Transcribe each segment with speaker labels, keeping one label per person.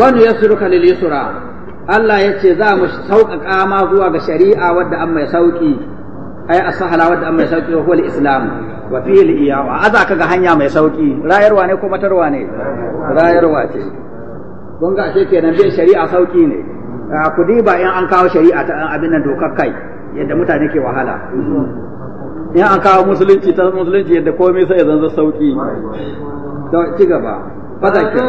Speaker 1: wani
Speaker 2: ya suruka lilisura Allah ya ce za mu sauƙaƙa ma zuwa ga shari'a wadda an mai sauƙi ai a sahala wadda an mai sauƙi wa huwa islam wa fi iya wa aza ka ga hanya mai sauƙi rayarwa ne ko matarwa ne rayarwa ce kun ga ashe kenan bin shari'a sauƙi ne ku diba in an kawo shari'a ta abin nan dokar kai yadda mutane ke wahala in an kawo musulunci ta musulunci yadda komai sai ya zanza sauƙi ci gaba fadakir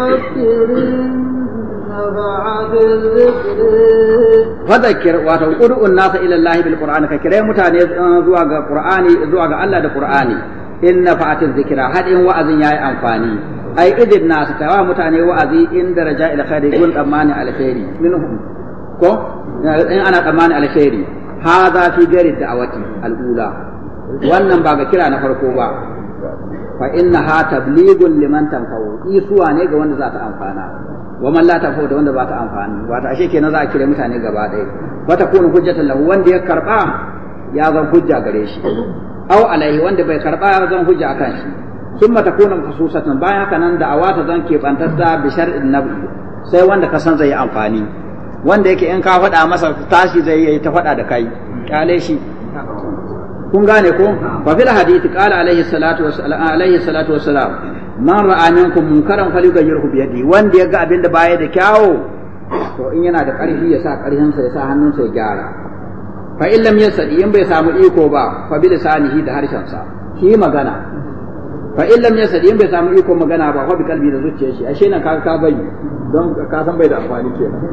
Speaker 2: wato ud'un nasa ila Allah bil qur'ani ka kire mutane eh, zuwa ga qur'ani zuwa ga Allah da qur'ani in nafa'atil zikra hadin wa'azin yayi amfani ai idin nasu kawa mutane wa'azi in daraja ila khairi gun tsammani alkhairi minhum ko in ana tsammani alkhairi hadha fi gari da'awati al'ula wannan ba ga kira na farko ba fa ha tablighun liman tanfa'u isuwa ne ga wanda za ta amfana wa man la tafu da wanda ba ta amfani ta ashe kenan za a kire mutane gaba ɗaya wa takunu hujjatan lahu wanda ya karba ya zan hujja gare shi aw alaihi wanda bai karba ya zan hujja akan shi summa takunu khususatan bayan haka nan da awata zan ke kebantarta bi shar'in nabi sai wanda ka san zai yi amfani wanda yake in ka faɗa masa tashi zai yi ta faɗa da kai kyale shi kun gane ko fa fil hadith qala Alayhi salatu Wa wassalam alaihi salatu wassalam man ra'a minkum munkaran falyughayyirhu bi yadi wanda yaga abin da baya da kyawo to in yana da karfi ya sa karfin sa ya sa hannun sa ya gyara fa in lam yasadi in bai samu iko ba fa bi lisanihi da harshen sa shi magana fa in lam yasadi in bai samu iko magana ba fa bi kalbi da zuciyar shi ashe nan ka ka bai don ka san bai da amfani kenan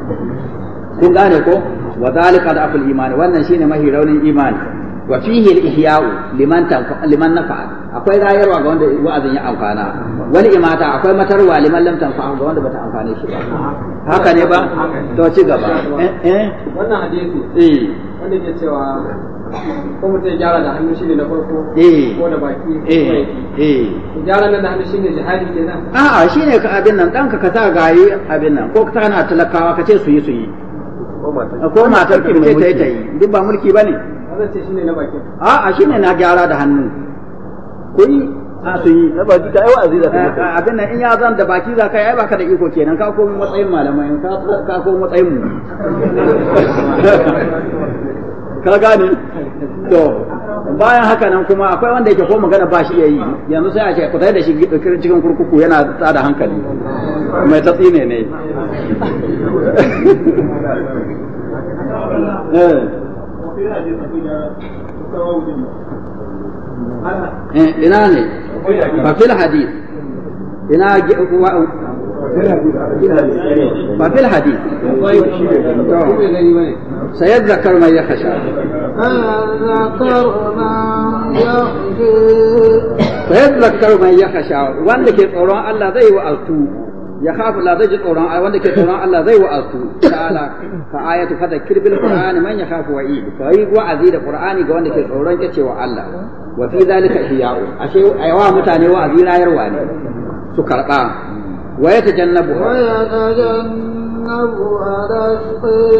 Speaker 2: kun gane ko wa zalika da aful imani wannan shine mahi raunin imani wa fihi al-ihya'u liman liman nafa'a akwai rayarwa ga wanda wa'azin ya amfana Wani imata akwai matarwa liman lam tanfa'a ga wanda bata amfane shi ba haka ne ba to ci gaba eh, eh? wannan hadisi eh wanda ke cewa ko mutum gyara da hannu shi ne na farko eh. ko da baki eh eh gyara nan da
Speaker 3: hannu ne jihadi kenan
Speaker 2: a'a shi ka abin nan danka ka sa gayi abin nan ko ka na talakawa ka ce su yi su yi ko matar ki mai ta yi duk ba mulki bane a'a ne na gyara da hannu a su yi da baki baka da iko kenan ka bayan haka nan kuma akwai wanda yake ko magana ba shi yayi yanzu sai a ce ku da shi cikin kurkuku yana tsada hankali mai tatsi ne ne eh. Eh, ina ne ba fil hadis ina wa ba fil hadis sayadhakar man yakhsha sayadhakar man yakhsha wanda ke tsoron Allah zai yi wa'azu ya khafu la zai ji tsoron wanda ke tsoron Allah zai wa'azu ta'ala fa ayatu fadhakkir bil qur'ani man yakhafu wa'id fa yi wa'azi da qur'ani ga wanda ke tsoron kacewa Allah wa fi zalika ihya'u ashe ayawa mutane wa'azi rayarwa ne su karba wa yatajannabu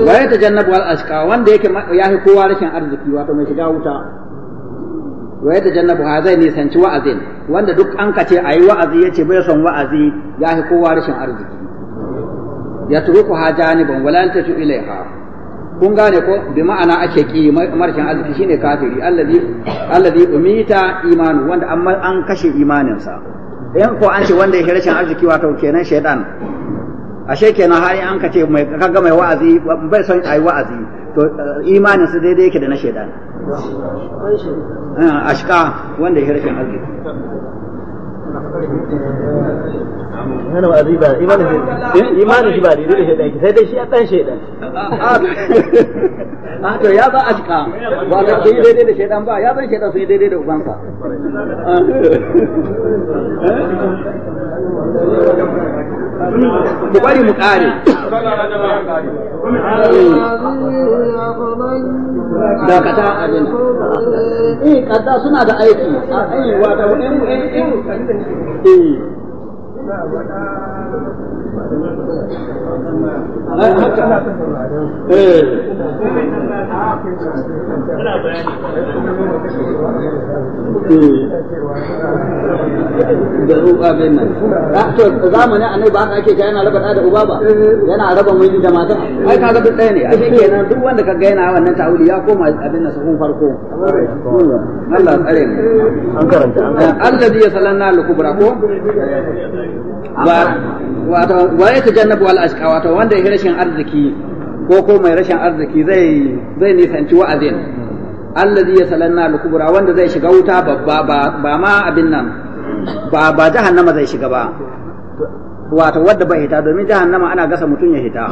Speaker 2: wa yatajannabu al-ashqa wanda yake yahi kowa rashin arziki wato mai shiga wuta wa yadda jannabu ha zai nisanci wa'azin wanda duk an kace ayi wa'azi yace bai son wa'azi ya fi kowa rashin arziki ya turuku ha janiban wala tatu ilaiha kun gane ko bi ma'ana ake ki marshen arziki shine kafiri allazi allazi umita imanu wanda amma an kashe imaninsa Yan ko an ce wanda ya rashin arziki wato kenan shaytan ashe kenan har an kace mai kaga mai wa'azi bai son ayi wa'azi to imaninsa daidai yake da na shaytan Ah, ashka wanda ya rashin arziki Yana ba ba imanin shi imanin shi ba eh? da sai dai shi
Speaker 3: ya dan shaidan. A ah, ah. to ya ba ashka ba daidai da
Speaker 2: shaidan ba ya zan shaidan sai daidai da ubansa. Eh? mu bari mu kare
Speaker 1: eh, da eh, kata suna da aiki eh.
Speaker 4: da uba
Speaker 2: bin nan to zamanin annabi ba haka ake raba da uba ba yana raba da mata ai ɗaya ne ashe kenan duk wanda kaga yana wannan ya koma abin nan sahun farko Allah tsare an karanta alladhi al-kubra ko wa wa al-ashqa wanda ya rashin arziki ko ko mai rashin arziki zai zai nisanci wa'azin allazi yasalanna al-kubra wanda zai shiga wuta babba ba ma abin nan ba ba jahannama zai shiga ba wato wadda ba hita domin jahannama ana gasa mutum ya hita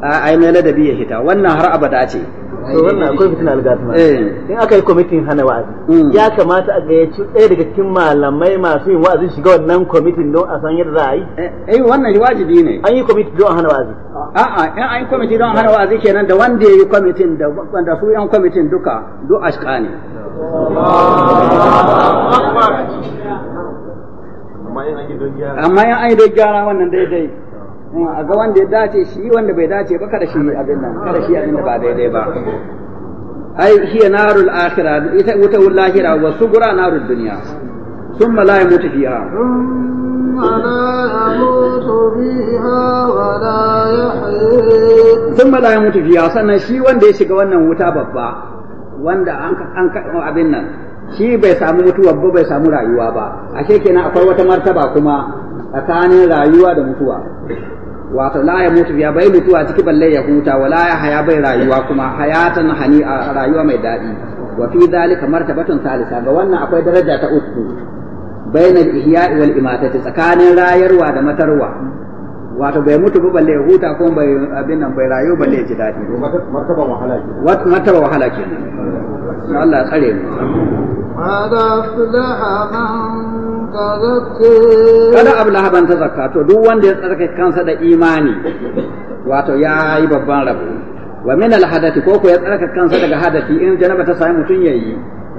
Speaker 2: ai mai ladabi ya hita wannan har abada ce
Speaker 3: to wannan akwai fitina algatuma eh. in aka yi kwamitin hana wa'azi mm. ya kamata a gayyaci ɗaya daga cikin malamai masu yin wa'azi shiga
Speaker 2: wannan kwamitin don a san yadda za a yi eh, eh wannan wajibi ne an yi kwamiti don hana wa'azi a'a in an yi kwamiti don hana wa'azi kenan da wanda ya yi kwamitin da wanda su yan kwamitin duka duk ashka ne amma in an yi don gyara wannan daidai a ga wanda ya dace shi wanda bai dace ba kada shi abin nan kada shi abin da ba daidai ba ai shi ya narul akhira ita wuta lahira wa sugura narul dunya thumma la yamutu fiha
Speaker 1: ثم لا يموت فيها ولا يحيى
Speaker 2: ثم لا يموت فيها sannan shi wanda ya shiga wannan wuta babba wanda an abin nan shi bai samu mutuwa ba bai samu rayuwa ba ashe kenan akwai wata martaba kuma tsakanin rayuwa da mutuwa wato la ya mutu ya bai mutuwa ciki balle ya huta wala ya haya bai rayuwa kuma hayatan hani a rayuwa mai daɗi wa fi zalika martabatun salisa ga wannan akwai daraja ta uku bayan ihya wal imatati tsakanin rayarwa da matarwa wato bai mutu ba balle ya huta ko bai abin nan bai rayu balle ya ji daɗi martaba wahala ke martaba wahala ke Allah ya tsare mu
Speaker 1: قد أفلح من kada
Speaker 2: ablaha ban ta zakka to duk wanda ya tsarkake kansa da imani wato ya yi babban rabu wa min al ko ko ya tsarkake kansa daga hadati in janaba ta sami mutum ya yi.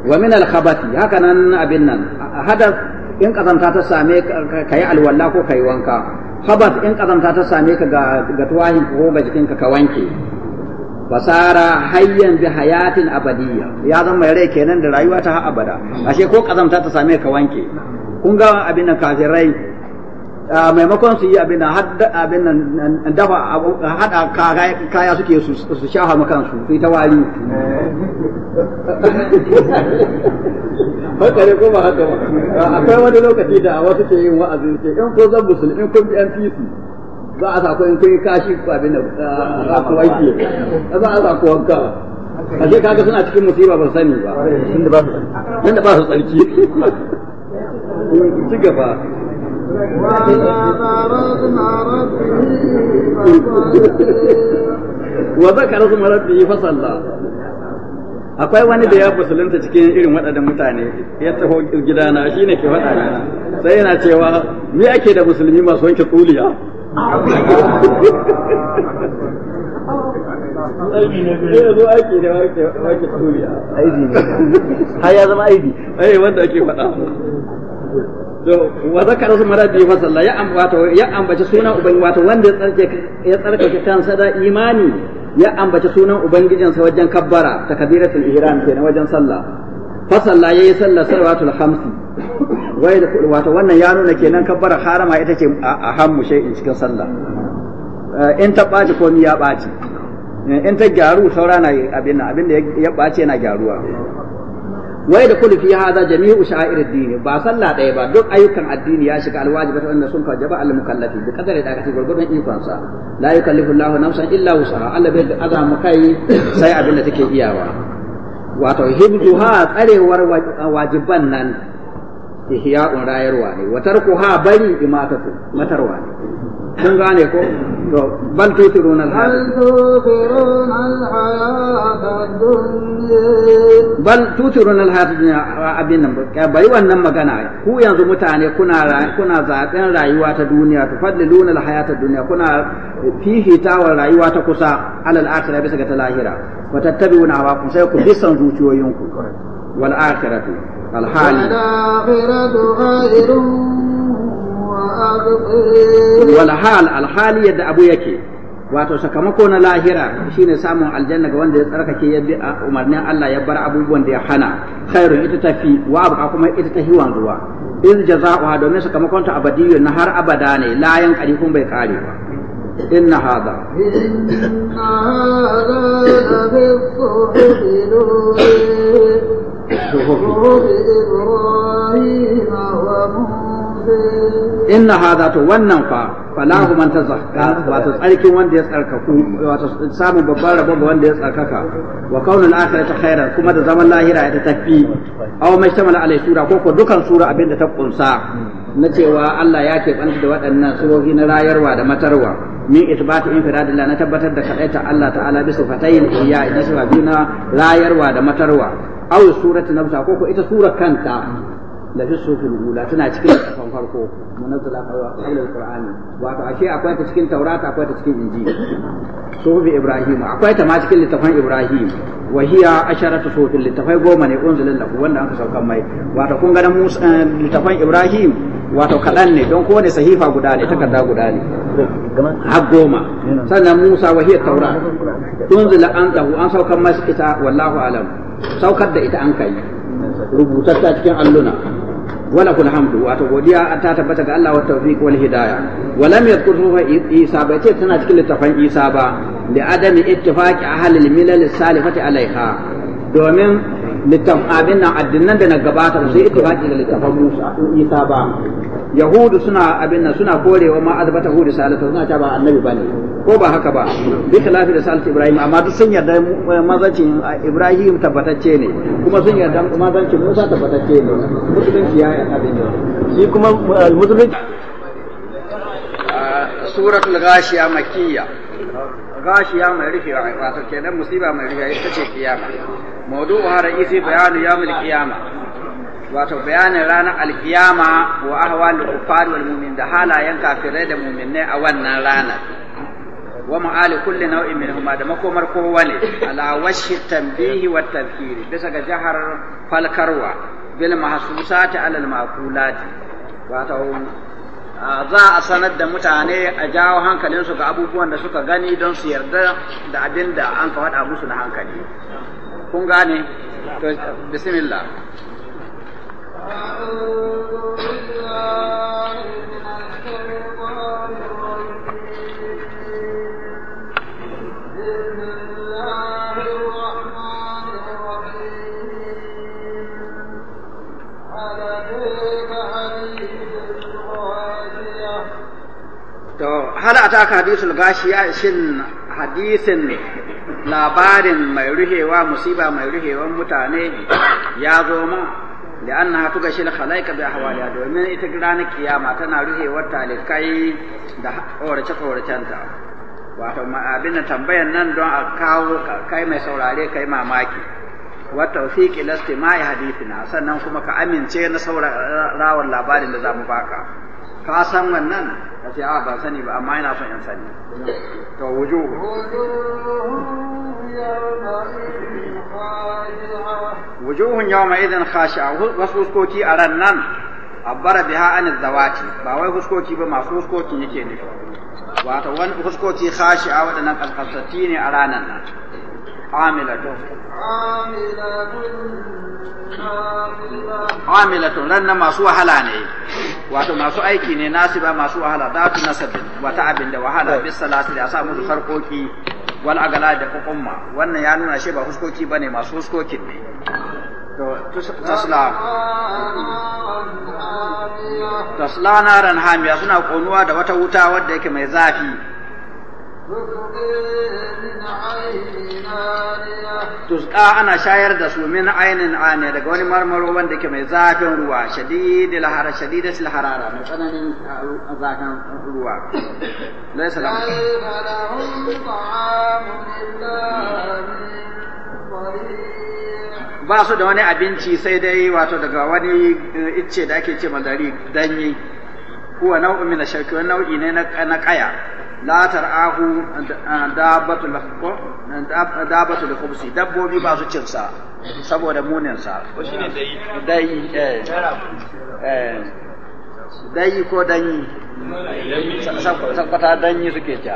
Speaker 2: wa min al khabati haka nan abin nan hadas in kazanta ta same ka yi alwalla ko ka yi wanka khabat in kazanta ta same ka ga ga tuwahin ko ga jikinka ka wanke fasara hayyan bi hayatin abadiyya ya zama mai rai kenan da rayuwa ta abada ashe ko kazamta ta same ka wanke kun ga abin nan kafirai maimakon su yi abin nan abin nan dafa hada kaya suke su shafa makan su su ta wari haka ne ko ba haka ba akwai wani lokaci da wasu ke yin wa'azin ce in ko zan musulmi in kun bi NPC ba a sakon kai kun yi kashi ko abin da eh, ku wanki ba a sakon wanka a sai kaga suna cikin musiba ba sani
Speaker 1: ba nan da ba su tsarki
Speaker 2: ci gaba wa zakara su marabbi fa salla akwai wani da ya musulunta cikin irin waɗannan mutane ya taho gidana shine ke faɗa sai yana cewa me ake da musulmi masu wanke kuliya
Speaker 4: ne
Speaker 3: aiki har
Speaker 2: ya zama aiki? ai eh, wanda ake faɗa to wa zakara su mara fa sallah ya ambata ya ambaci sunan ubangi wato wanda ya tsarkake kansa da imani ya ambace sunan ubangijinsa wajen kabbara takbiratul ihram kenan wajen sallah fa sallah yayi sallah salawatul khamsi wai da wato wannan ya nuna kenan kabbara harama ita ce a hammu in cikin sallah eh, in ta ɓaci komi ya ɓaci eh, in ta gyaru saura na abin abin da ya ɓaci yana gyaruwa wai da kullu fi hadha jami'u sha'ir ad-din ba sallah ɗaya ba duk ayyukan addini ya shiga alwajibat wanda sun fajaba al mukallafi bi kadari da kace gurgurdan ikon sa la yukallifu Allahu nafsan illa wusaha Allah bai azama kai sai abin da take iyawa wato hibduha tsarewar wajiban nan ihya'un rayarwa ne wa tarkuha bari imatatu matarwa ne kun gane ko to bal tutiruna al bal tutiruna al hayat dunya abin nan bai wannan magana ku yanzu mutane kuna kuna zaben rayuwa ta duniya fadluna al hayat dunya kuna fihi tawar rayuwa ta kusa alal akhirah bisa ga ta lahira wa tattabi'una wa kun sai ku bisan zuciyoyinku wal akhiratu alhali wal hal alhali yadda abu yake wato sakamako na lahira shine samun aljanna ga wanda ya tsarkake ya bi umarnin Allah ya bar abubuwan da ya hana khairun ita tafi wa abu kuma ita ta hiwan ruwa in jaza'uha domin sakamakon ta abadiyyun na har abada ne layan kun bai kare ba inna hada
Speaker 1: inna hada
Speaker 2: inna haza to wannan fa falahu man tazakka mm. wato tsarkin wanda ya tsarkaku wato samun babban rabo ga wanda ya tsarkaka wa kaunul akhirati khairan kuma da zaman lahira ya tafi aw mai alai sura ko ko dukan sura abinda ta kunsa na cewa Allah ya banta da waɗannan surofi na rayarwa da matarwa min isbatu infiradillah na tabbatar da kaɗaita Allah ta'ala bisa fatayin iya na rayarwa da matarwa aw suratu nafsa ko ko ita sura kanta la fi sufil ula cikin littafin farko munazzala qabla alqur'ani wato ashe akwai ta cikin taurata akwai ta cikin injili sufi ibrahim akwai ta ma cikin littafin ibrahim wa hiya asharatu sufil littafai goma ne unzilin lahu wanda aka saukan mai wato kun ga musa eh, littafin ibrahim wato kaɗan ne don kowane sahifa guda ne takarda guda ne har goma sannan an an saukan ita wallahu alam saukar da ita an kai rubutatta cikin alluna wala kul hamdu wato godiya ta tabbata ga Allah wa tawfiq wal hidaya walam yadhkur ruha isa ba ce tana cikin littafan isa ba li adami ittifaqi ahli al milal salifati alaiha domin littafin abin nan addinan da na gabata sai ittifaqi ga littafan Musa isa ba yahudu suna abin nan suna korewa ma azbata hudu salatu suna ta ba annabi bane ko ba haka ba bi khilafi da salatu ibrahim amma duk sun yarda eh, mazancin ah, ibrahim tabbatacce ne kuma sun yarda mazancin musa tabbatacce ne musulunci ya abin ne shi kuma eh, musulunci ah, suratul ghashiya makkiya غاشية ما يرفي وعفاته كنا مصيبة ما يرفي يستشي القيامة موضوعها ra'isi bayanu yawmul kiyama. wato bayanin ranar alkiyama wa ahwal kufar wal mu'min da halayen kafirai da mu'minai a wannan rana wa ma'ali kulli nau'in huma da makomar kowane ala washi tanbihi wa tafkiri bisa ga jahar falkarwa bil mahsusati alal maqulati wato za a sanar da mutane a jawo hankalinsu ga abubuwan da suka gani don su yarda da abinda da an ka faɗa musu na hankali kun gane to bismillah To hal a taka hadisul gashiya shin hadisin labarin mai ruhewa musiba mai ruhewan mutane ya zo ma li'annaha tugashil khalaika bi ahwaliha domin ita ranar kiyama tana ruhewar talikai da horace horacenta wato tambayan nan don a kawo mai saurare kai mamaki wa tawfiqi lastima'i hadithina sannan kuma ka amince na labarin da zamu baka ka wannan ka ce sani ba amma ina son in sani to wujuhun yawma idan khashi'a wasu huskoki a ran nan abbara biha an zawati ba wai huskoki ba masu huskoki yake ne wato wani huskoki khashi'a waɗannan kalkalsatti ne a ranan nan amilatun amilatun ran nan masu wahala ne wato masu aiki ne nasiba masu wahala datu nasabin wata abin da wahala bisa lasiri a sa musu sarkoki wal agala da hukumma wannan ya nuna shi ba huskoki bane masu huskokin ne to tasla
Speaker 1: tasla
Speaker 2: ran hamiya suna konuwa da wata wuta wadda yake mai zafi Tuska ana shayar da su min ainin ane daga wani marmaro wanda ke mai zafin ruwa shadidil harara shadidatil harara mai tsananin ah, zafin ruwa lai salam ba su da wani abinci sai dai wato daga wani eh, icce da ake ce madari danyi kuwa nau'u na shirki wani nau'i ne na kaya la tar'ahu dabbatu lakum dabbatu lakum dabbobi ba su cin sa saboda munin sa ko shine dai dai eh dai ko danyi sakwata danyi suke ci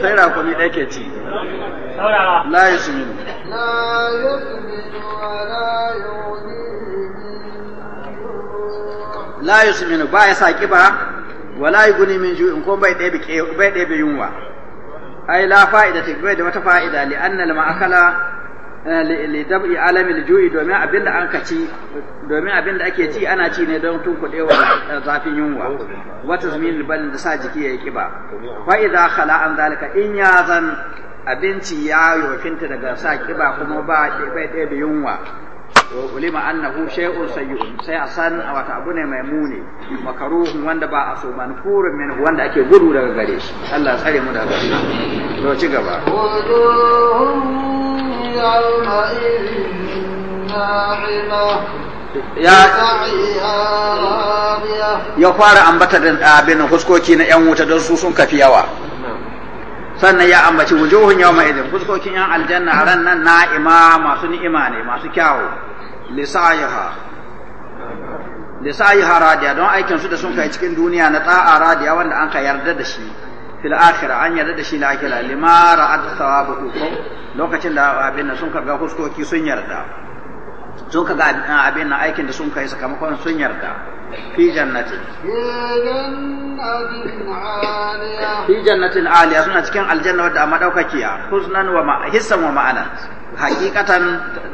Speaker 2: sai rakumi ɗaya ke ci la yi su minu la yi su minu ba ya sa kiba wala yughni min ju'in ko bai ɗebe bai yunwa ai la fa'ida ta bai da wata fa'ida eh, li anna al li dab'i alamil ju'i domin abinda an kaci domin ake ci ana ci ne don tunkuɗewa eh, zafin yunwa wata zumin balin da sa jiki ya yi kiba Fa'ida idza khala an zalika in ya zan abinci ya yofinta daga sa kiba kuma ba bai ɗebe yunwa ulima annahu shay'un sayyi'un sai a san wata abu ne mai muni makaruhu wanda ba a so manfurun min wanda ake gudu daga gare shi Allah tsare mu daga shi to ci gaba ya ya fara ambata da abin huskoki na yan wuta don su sun kafi yawa sannan ya ambaci wujuhun yawma idin fuskokin yan aljanna a ran nan na'ima masu ni'ima ne masu kyawu lisayiha lisayiha radiya don aikin su da sun kai cikin duniya na ta'a radiya wanda an ka yarda da shi fil akhirah an yarda da shi la akhirah lima ra'at thawabu lokacin da abin sun karga fuskoki sun yarda sun ka ga abin nan aikin da sun kai sakamakon sun yarda fi jannati fi jannatin aliya suna cikin aljanna wadda amma daukakiya husnan wa hissan wa ma'ana hakikatan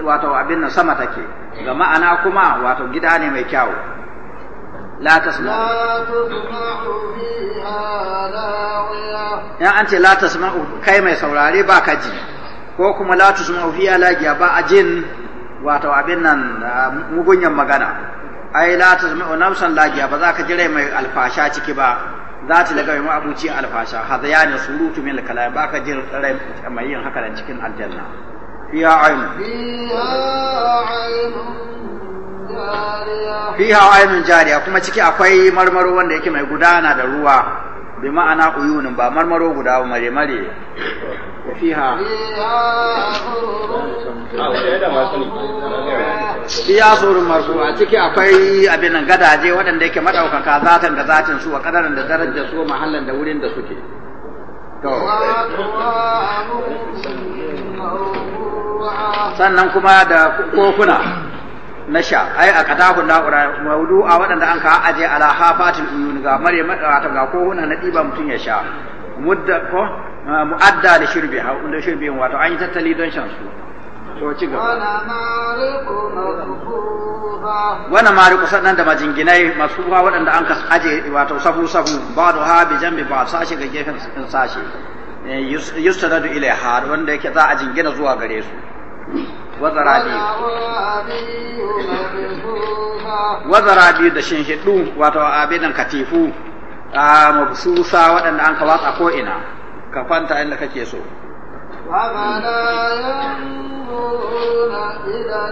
Speaker 2: wato abin nan sama take ga ma'ana kuma wato gida ne mai kyau la tasma ya an ce la tasma kai mai saurare ba ka ji ko kuma la tasma fiha lagiya ba a jin wato abin nan mugunyan magana ai la Na nafsan lagiya ba za ka jira mai alfasha ciki ba za ta daga mai abuci alfasha ne surutu min kalam ba ka jira rai mai yin haka cikin aljanna fiha ayn
Speaker 1: fiha aynun
Speaker 2: jariya kuma ciki akwai marmaro wanda yake mai gudana da ruwa bi ma'ana uyunin ba marmaro guda ba mare mare fiha iya surun marfu a ciki akwai abin nan gadaje waɗanda yake madaukaka zatan da zatin su a kadaran da darajar su mahallan da wurin da suke to sannan kuma da kokuna na sha ai a kadahu na'ura a waɗanda an ka aje ala hafatil uyun ga mare mata ga ko wannan na diba mutun ya sha mudda ko ah, mu'adda li shirbi ha da shirbi wato an yi tattali don shan su to ci gaba wannan mariku sannan da majinginai masu ruwa waɗanda an ka aje wato sabu sabu ba da ha bi jambi ba sashe ga gefen sashe eh, yustadadu ilaiha wanda yake za a jingina zuwa gare su wazarabi wazarabi da shinshidu wato abinan katifu a mabsusa waɗanda an ka a ko'ina, ka kwanta inda kake so
Speaker 1: أفلا ينظرون إلى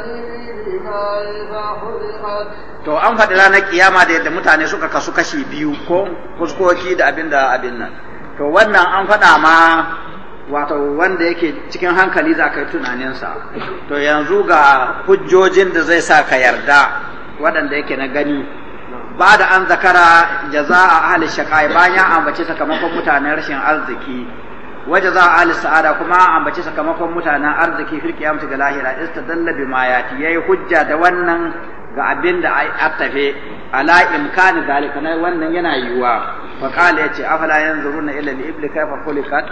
Speaker 2: To an faɗi ranar kiyama da yadda mutane suka kasu kashi biyu ko kuskoki da abin da abin nan. To wannan an faɗa ma wato wanda yake cikin hankali za ka yi tunaninsa to yanzu ga hujjojin da zai sa ka yarda waɗanda yake na gani ba da an zakara jaza a ahalin shaƙai bayan ya ambace sakamakon mutanen rashin arziki waje za a sa'ada kuma an ambace sakamakon mutanen arziki fil ga lahira istadalla bi ma ya yayi hujja da wannan ga abin da a tafe ala imkani zalika wannan yana yiwuwa fa qala yace afala yanzuruna ila al ibli kayfa khuliqat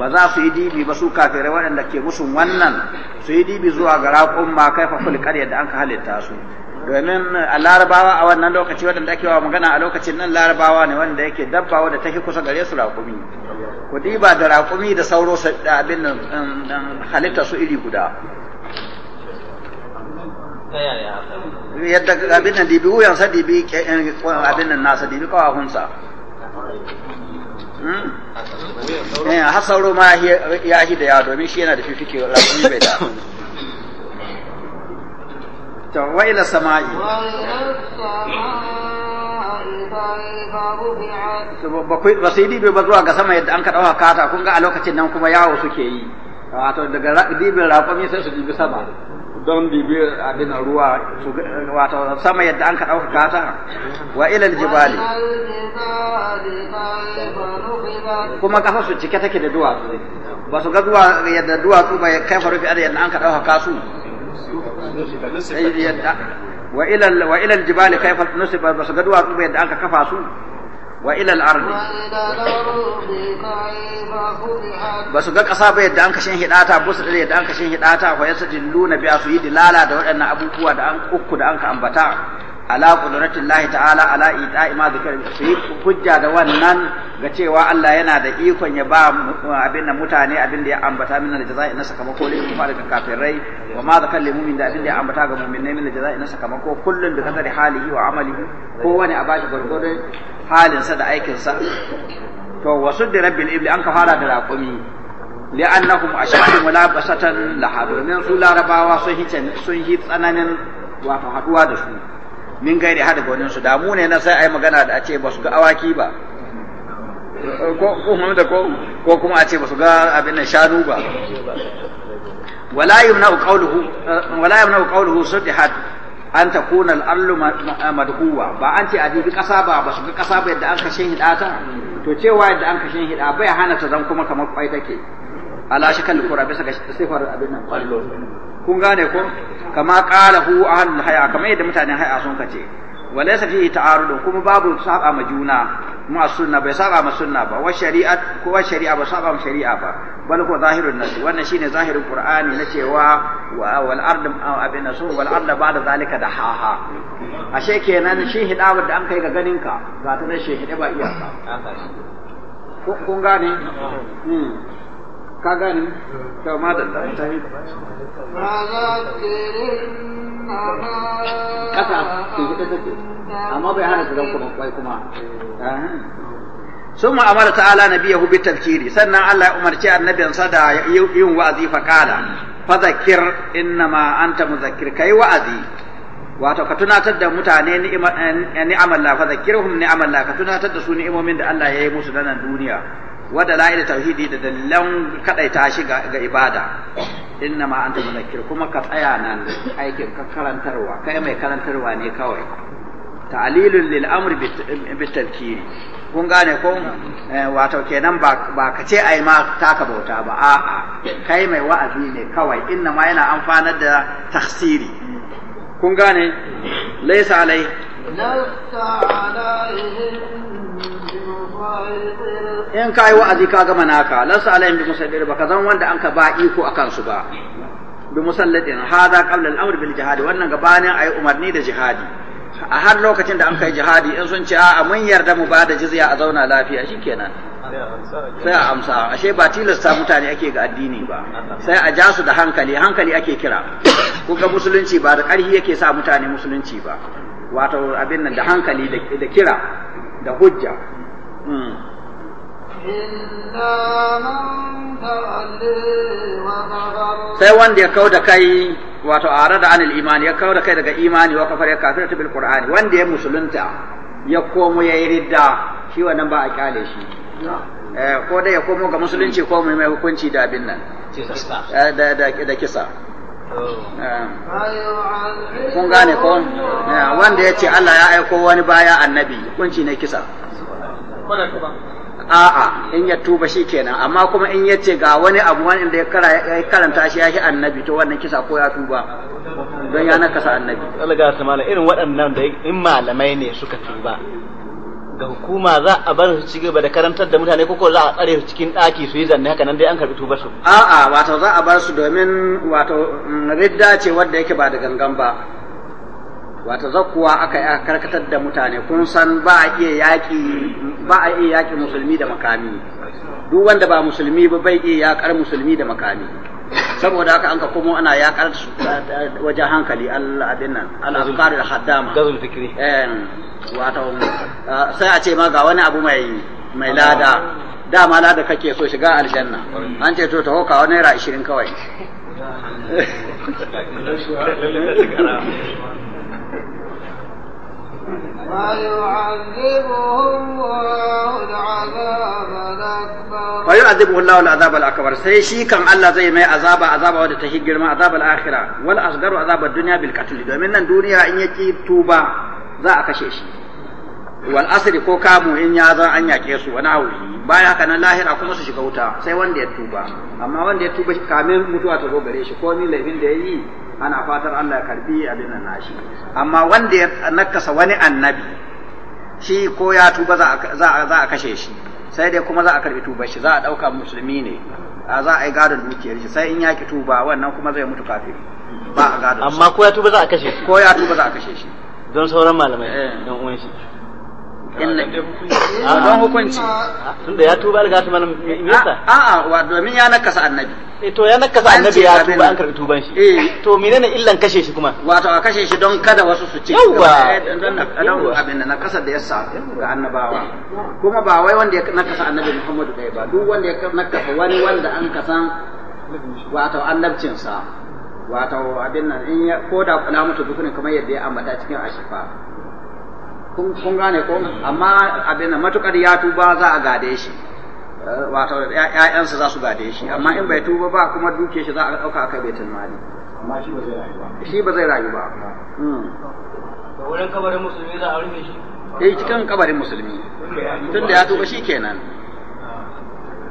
Speaker 2: ba za su yi dibi ba su kafirai waɗanda ke musu wannan su yi dibi zuwa ga raƙon ma kai fa ƙarya da an ka halitta su domin a larabawa a wannan lokaci waɗanda ake wa magana a lokacin nan larabawa ne wanda yake dabba wadda ta fi kusa gare su raƙumi ku diba da raƙumi da sauro da abin um, um, halitta su iri guda yadda abin nan dibi sa dibi eh, abin nan nasa dibi kawahunsa Hmm? eh har sauro ma ya shi da yawa domin shi yana da fifike lafi bai da to waila ila sama'i ba su yi dibe ba zuwa ga sama yadda an ka ɗauka kata kun ga a lokacin nan kuma yawo suke yi wato daga dibin raƙumi sai su dibi sama don bibi abin ruwa wata sama yadda an ka ɗaukaka ta wa ilal jibali kuma kafa su cike take da duwatsu ba su ga yadda duwatsu ba ya kai farufi da yadda an ka ɗaukaka su wa ilal jibali kai nusiba ba su ga duwatsu ba yadda an ka kafa su wa ila al ba su ga ƙasa ba yadda an kashin hidata ba su da yadda an kashin hidata wa yasdilluna bi asuyidilala da waɗannan abubuwa da uku da an ka ambata ala qudratin lahi ta'ala ala ita'i ma zikr su yi hujja da wannan ga cewa Allah yana da ikon ya ba abin da mutane abin da ya ambata min da jaza'i na sakamako ne kuma da kafirai wa ma zakal lil mu'min da abin da ya ambata ga mu'minai min da jaza'i na sakamako kullun bi kadari halihi wa amalihi kowane a bashi gurgurdan halin sa da aikin sa to wasu da rabbil ibli an ka fara da raqumi li'annahum ashaddu mulabasatan laha domin su larabawa sun hi tsananin wato haduwa da su min ne hada gonin su da mu ne na sai ai magana da a ce ba su ga awaki ba ko kuma da ko ko kuma a ce ba su ga abin nan shanu ba wala yumna qawluhu wala yumna qawluhu sutihat an takuna al-ardu madhuwa ba an ce a dubi kasa ba ba su ga kasa ba yadda an kashe hida ta to cewa yadda an kashe hida bai hana ta zan kuma kamar kwai take ala shakal kura bisa ga sifar abin nan kun gane ko kama qala hu ahlul haya kama yadda mutanen haya sun kace walaysa fihi ta'arud kuma babu saba ma juna mu sunna bai saba ma sunna ba wa shari'at ko wa shari'a ba saba ma shari'a ba bal ko zahirun nas wannan shine zahirin qur'ani na cewa wal ard abin nasu wal ard ba'da zalika da ha ha ashe kenan shi hidawar da an kai ga ganin ka ga ta ne shi hidaba iyaka kun gane hmm. ka gane to ma da ta ta
Speaker 1: kasa ke gida
Speaker 2: take amma bai hana su zama kuma kwai kuma ثم أمر تعالى نبيه بالتذكير سنة الله أمر النبي صدى يوم وأذي فقال فذكر إنما أنت مذكر kai wa'azi. wato ka tunatar da mutane eh, ni'amar lafa zakirhum ni'amar ka tunatar da su ni'imomin da Allah ya yi musu na nan duniya wa dalail tauhidi da dalilan kadaita shi ga ibada inna ma anta mudakkir kuma ka tsaya nan aikin ka karantarwa kai mai karantarwa ne kawai ta'lilun lil amri bit tadhkiri kun gane ko eh, wato kenan ba ka ce ai ma taka bauta ba a'a kai mai wa'azi ne kawai inna ma yana amfanar da tafsiri kun gane laysa alai
Speaker 1: in ka yi wa'azi
Speaker 2: ka gama naka lansa alayhim bi musallir ba ka zan wanda an ka ba iko a kansu ba bi musallatin hadha qabla al-amr bil jihadi wannan gabanin ayi umarni da jihadi a har lokacin da an kai jihadi in sun ce a mun yarda mu ba da jizya a zauna lafiya shikenan sai a amsa ashe ba tilasta mutane ake ga addini ba sai a ja su da hankali hankali ake kira kuka musulunci ba da ƙarfi yake sa mutane musulunci ba wato abin nan da hankali da kira da hujja sai wanda ya kau da kai wato a da anil imani ya kau da kai daga imani wa kafar ya kafir ta bil qur'ani wanda ya musulunta ya komo ya yi ridda shi wannan ba a kyale shi eh, ko dai ya komo ga musulunci ko mai hukunci da abin nan
Speaker 1: eh,
Speaker 2: da kisa eh.
Speaker 1: kun gane ko
Speaker 2: wanda ya ce Allah ya aiko wani baya annabi hukunci ne kisa a'a in ya tuba shi kenan amma kuma in ya ce ga wani abu wani inda ya karanta shi ya shi annabi to wannan kisa ko ya tuba don ya nakasa annabi
Speaker 3: alga su mala irin waɗannan da in malamai ne suka tuba ga hukuma za a bar su cigaba da karantar da mutane ko za a tsare su cikin ɗaki su yi zanne haka nan dai an karbi
Speaker 2: tubar su a'a wato za a bar su domin wato mm, ridda ce wadda yake ba da gangan ba wata zakkuwa aka karkatar da mutane kun san ba a iya yaƙi ba a iya yaƙi musulmi da makami duk wanda ba musulmi ba bai iya yaƙar musulmi da makami saboda haka an ka komo ana yaƙar eh, wajen hankali al'adin nan al'afkar da haddama eh, wata eh, sai a ce ma ga wani abu mai mai lada dama lada kake so shiga aljanna an ce to ta hoka naira 20 kawai
Speaker 1: fa yu'adhibuhu
Speaker 2: Allahu al-'adhab al sai shi kan Allah zai mai azaba azaba wadda ta girma azabar al-akhirah wal asgaru azab ad bil qatl domin nan duniya in yake tuba za a kashe shi wal asri ko kamu in ya zan an yake su wani aure. baya kana lahira kuma su shiga wuta sai wanda ya tuba amma wanda ya tuba kamin mutuwa ta zo gare shi ko ni laifin da ya yi ana fatar Allah ya karbi abin nan nashi amma wanda ya nakasa wani annabi shi ko ya tuba za a kashe shi sai dai kuma za a karbi tubar shi za a ɗauka musulmi ne a za a yi gadon dukiyar shi sai in ya ki tuba wannan kuma zai mutu kafir ba a gadon amma ko ya tuba za a kashe shi ko ya tuba za a kashe shi
Speaker 3: don sauran malamai eh. don uwan shi
Speaker 2: inna a ah, don hukunci tunda ya tuba daga ta malam yasa a ah, a ah, wa domin ya nakasa annabi eh to ya nakasa annabi ya tuba an karbi tuban shi eh to menene illan kashe shi kuma wato a kashe shi don kada wasu su ci yawa don abin da nakasa da yasa ga annabawa kuma ba wai wanda ya nakasa annabi Muhammadu kai ba duk wanda ya nakasa wani wanda an kasan wato annabcinsa wato abin nan in ya koda kula mutu dukkanin kamar yadda ya ambata cikin ashifa kun gane ko amma abin matukar ya tuba za a gade shi eh, wato ƴaƴansa za su gade shi amma in bai tuba ba kuma duke shi za a dauka akai baitul mali amma shi ba zai rayu ba shi ba zai rayu ba hmm.
Speaker 3: to wurin kabarin musulmi za a rufe shi
Speaker 2: eh cikin kabarin musulmi tunda ya tuba shi kenan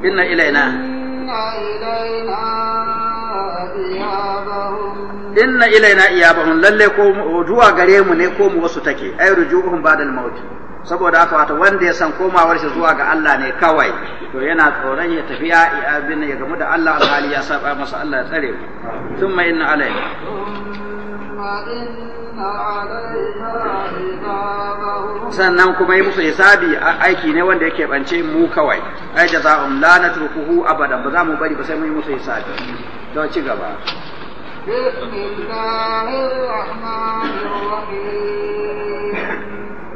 Speaker 2: inna ilaina inna
Speaker 1: ilaina iyabahum
Speaker 2: inna ilaina iyabahum lalle ko zuwa gare mu ne ko mu wasu take ay rujuhum ba'dal maut saboda haka wata wanda ya san komawar shi zuwa ga Allah ne kawai to yana tsoron ya tafiya abin ya gamu da Allah alhali ya saba masa Allah ya tsare mu thumma inna alaina sannan kuma yi musu hisabi aiki ne wanda yake bance mu kawai ai jaza'um la natrukuhu abadan ba za mu bari ba sai mu yi musu hisabi don ci gaba
Speaker 1: بسم الله الرحمن الرحيم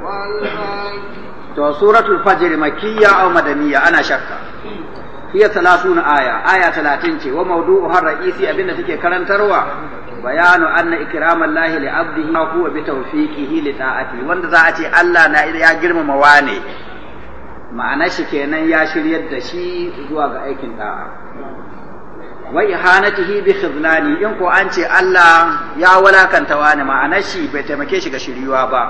Speaker 1: والفجر
Speaker 2: to suratul fajr makiyya aw madaniyya ana shakka hiya 30 aya aya talatin ce wa mawdu'uha ra'isi abinda take karantarwa bayanu anna ikramal lahi li 'abdihi ma huwa bi tawfiqihi li ta'ati wanda za a ce Allah na ya girmama ne? Ma'anar shi kenan ya shiryar da shi zuwa ga aikin da'a wa ihanatihi bi khidlani in ko an ce Allah ya walakanta wani ma'ana shi bai taimake shi ga shiriwa ba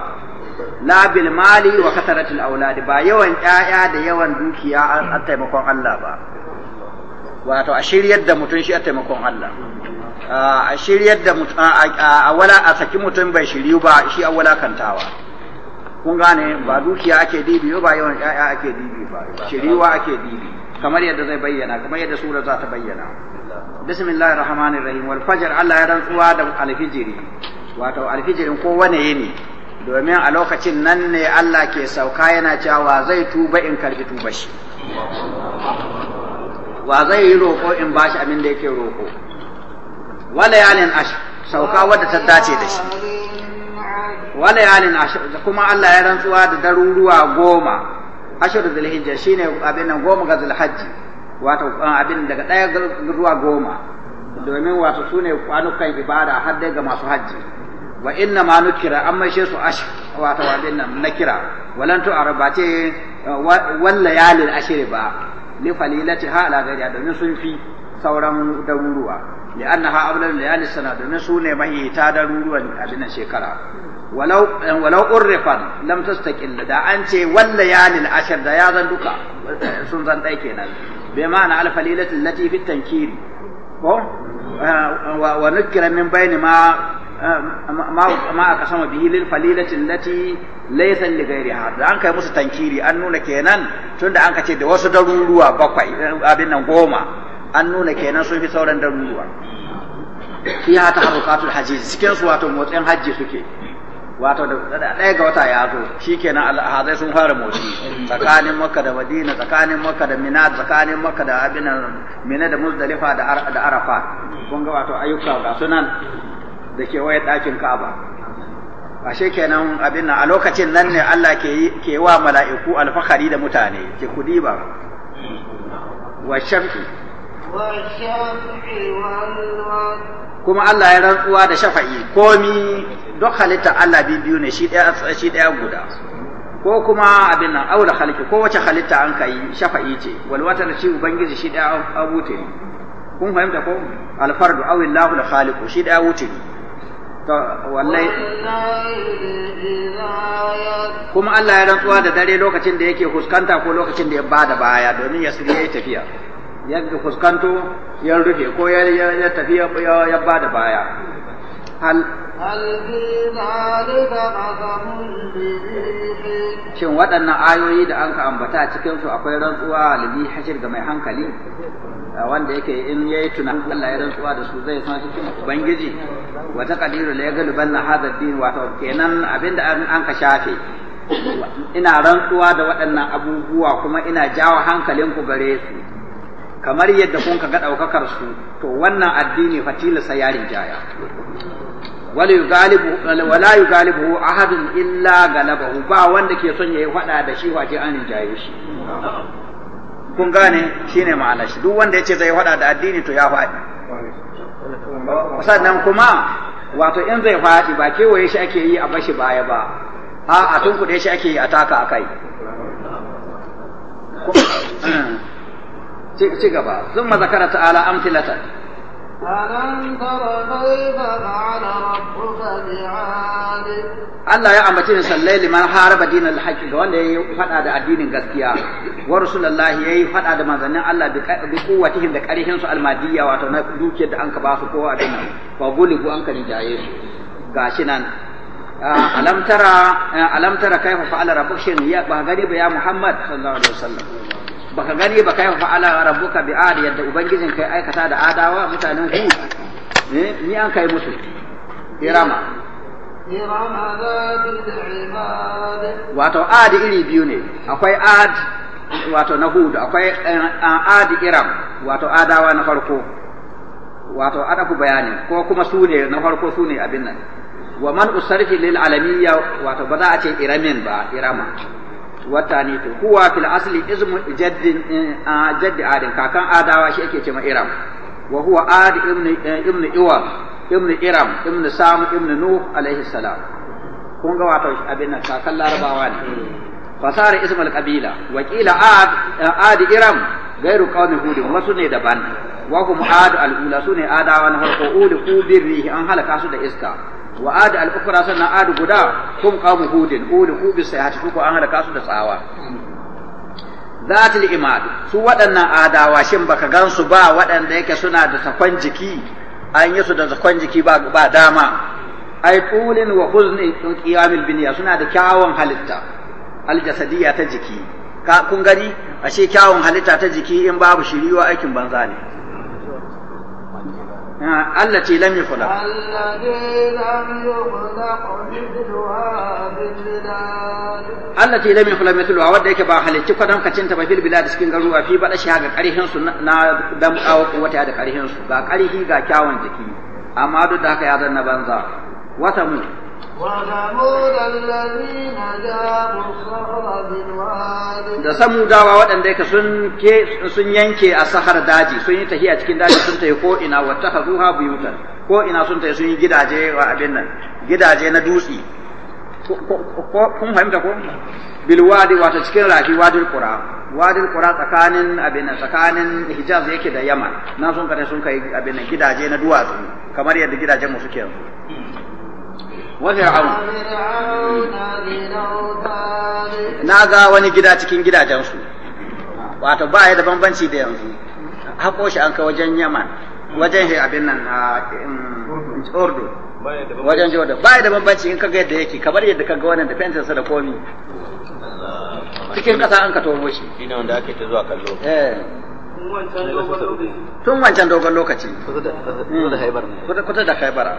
Speaker 2: la bil mali wa kasaratil auladi ba yawan ƴaƴa da yawan dukiya an taimakon Allah ba wato a shiryar da mutum shi a taimakon Allah a shiryar da mutum a wala a saki mutum bai shiryu ba shi a walakantawa kun gane ba dukiya ake dibi ba yawan ƴaƴa ake dibi ba shiriwa ake dibi kamar yadda zai bayyana kamar yadda sura za ta bayyana bismillahir rahmanir rahim wal fajr Allah ya rantsuwa da alfijiri wato alfijirin ko wane yini domin a lokacin nan ne Allah ke sauka yana cewa zai tuba in karbi tuba shi wa zai yi roƙo in bashi abin da yake roƙo wala yalin ash sauka wadda ta dace da shi wala yalin ash kuma Allah ya rantsuwa da daruruwa goma ashir zulhijja shine abin nan goma ga zulhajji wato ah, abin daga ɗaya zuwa goma domin wato su ne kwanukan ibada har dai ga masu hajji wa inna ma nukira an maishe su ash wato abin nan na kira walan tu araba ah, walla yalin ashir ba li falilati ha ala gariya domin sun fi sauran daruruwa li annaha abdul layali sana domin su ne mahita daruruwan abin shekara walau eh, walau urrifat lam tastaqil da an ce wal layalil ashar da ya zan duka eh, sun zan dai kenan bai ma'ana al falilati allati fi tankir ko eh, wa nukira min bayni ma ma aka sama bihi lil falilati allati laysa li da an kai musu tankiri an nuna kenan tunda an kace da wasu daruruwa bakwai abin nan goma an nuna kenan sun fi sauran daruruwa fiha taharrukatul hajji cikin su wato motsin hajji suke wato da ɗaya ga wata ya zo shikenan alhazai sun fara motsi tsakanin makka da madina tsakanin makka da mina tsakanin makka da abin mina da muzdalifa da arafa kun ga wato ayyuka ga sunan da ke waye ɗakin ka'aba ashe kenan abin a lokacin nan ne Allah ke ke wa mala'iku alfahari da mutane ke kudi ba wa shafi kuma Allah ya rantsuwa da shafa'i komi duk halitta Allah bi biyu ne shi ɗaya shi ɗaya guda ko kuma abin nan aula halki ko wace halitta an kai shafa'i ce wal watar shi ubangiji shi ɗaya abute ne kun fahimta ko al fardu aw illahu al khaliq shi ɗaya wuce ne to wallahi kuma Allah ya rantsuwa da dare lokacin da yake fuskanta ko lokacin da ya bada baya domin ya sirye tafiya yadda fuskanto ya rufe ko ya tafiya ya bada baya
Speaker 1: hal
Speaker 2: shin waɗannan ayoyi da an ka ambata a cikinsu akwai rantsuwa lili hashir ga mai hankali wanda yake in ya yi tunan Allah ya rantsuwa da su zai san cikin ubangiji wata kadiru la yagalu banna hadha din wata kenan abinda an ka shafe ina rantsuwa da waɗannan abubuwa kuma ina jawo hankalinku gare su kamar yadda kun ka ga ɗaukakar su to wannan addini fatila sa yarin jaya wala a ahadun illa galabahu ba wanda ke son ya yi fada da shi wace an jaye shi kun gane shine ma'ana shi duk wanda ya ce zai fada da addini to ya fadi
Speaker 1: sannan kuma
Speaker 2: wato in zai fadi ba kewaye shi ake yi a bashi baya ba a a tun kuɗe shi ake yi a taka a kai. ci gaba sun mazakara ta'ala amtilatan
Speaker 1: ألم تر كيف فعل ربك بعاد
Speaker 2: Allah ya ambace ni sallai liman haraba dinal haqqi ga wanda ya yi fada da addinin gaskiya wa rasulullahi yi fada da manzannin Allah bi kuwatihim da karihin almadiyya wato na dukiyar da anka ba su ko abin nan fa an anka rijaye su gashi nan alamtara tara alam tara kaifa fa'ala rabbuka shin ya ba gari ba ya Muhammad sallallahu alaihi wasallam baka gani ba kai fa'ala rabbuka bi adi yadda ubangijin kai aikata da adawa mutanen hu eh, ni an kai musu irama
Speaker 1: Irama wato adi
Speaker 2: iri biyu ne akwai adi wato na hudu akwai eh, adi iram wato adawa na farko wato ku bayani ko kuma sune na farko sune abin nan wa man usarfi lil alamiyya wato ba za a ce iramin ba irama watani to huwa fil asli ismu jaddin eh, jaddi adin kakan adawa shi ake cewa iram wa huwa ad ibn eh, ibn iwam ibn iram ibn sam ibn nuh alaihi salam kun ga wato abin nan kakan larabawa ne fasara ismul qabila wa qila ad eh, ad iram gairu qawmi hud wasu ne daban wa hum ad al ula sune adawa na farko ulu ku birrihi an halaka su da iska wa ad al ukra sannan ad guda kum qamu hudin ulu ku sai ya ku an halaka su da tsawa zatul imad su waɗannan adawa shin baka gansu ba waɗanda yake suna da takwan jiki an yi su da takwan jiki ba ba dama ai tulin wa huzni qiyamil binya suna da kyawun halitta aljasadiyya ta jiki ka kun gani ashe kyawun halitta ta jiki in babu shiriwa aikin banza ne التي لم يخلق التي لم يخلق مثلها wadda yake ba halicci kwadan kacin ta fil bilad cikin garuwa fi bada shi ga karihin su na dam wata da karihin su ga karihi ga kyawun jiki amma duk da haka ya zanna banza wata mu da samu dawa waɗanda yake sun ke sun yanke a sahar daji sun yi tahiya cikin daji sun tafi ko ina wata hazuha buyutan ko ina sun tafi sun yi gidaje wa abin nan gidaje na dutsi. kun fahimta ko bilwadi wato cikin rafi wadil qura wadil qura tsakanin abin nan tsakanin hijaz yake da yaman na sun kare sun kai abin nan gidaje na duwatsu kamar yadda gidajen mu suke yanzu
Speaker 1: وفرعون
Speaker 2: na ga wani gida cikin gidajensu wato ba ya da bambanci da yanzu hako shi an ka wajen yaman wajen abin nan a ah, ordo wajen jordan ba ya da bambanci in kaga yadda yake kamar yadda kaga wannan da fensinsa da komi
Speaker 3: cikin ƙasa an ka
Speaker 2: tobo shi
Speaker 3: wanda ake ta zuwa kallo eh.
Speaker 2: tun wancan dogon lokaci kusa da haibar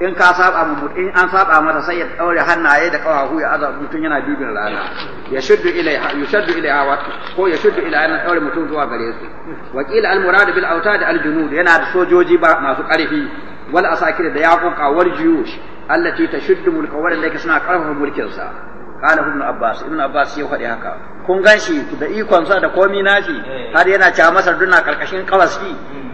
Speaker 2: in ka saba mu in an saba mata sai ya daure hannaye da kawahu ya azab mutum yana bibin rana ya shuddu ya shuddu ilaiha wa ko ya shuddu ilaiha an daure mutum zuwa gare su wakil al murad bil autad al junud yana da sojoji ba masu karfi wal asakir da yaquqa kawar jiyush allati tashuddu mulka wa da suna karfafa mulkin sa kana ibn abbas ibn abbas ya faɗi haka kun ganshi da ikon sa da komi nashi eh. har yana cha masa duna karkashin kawasi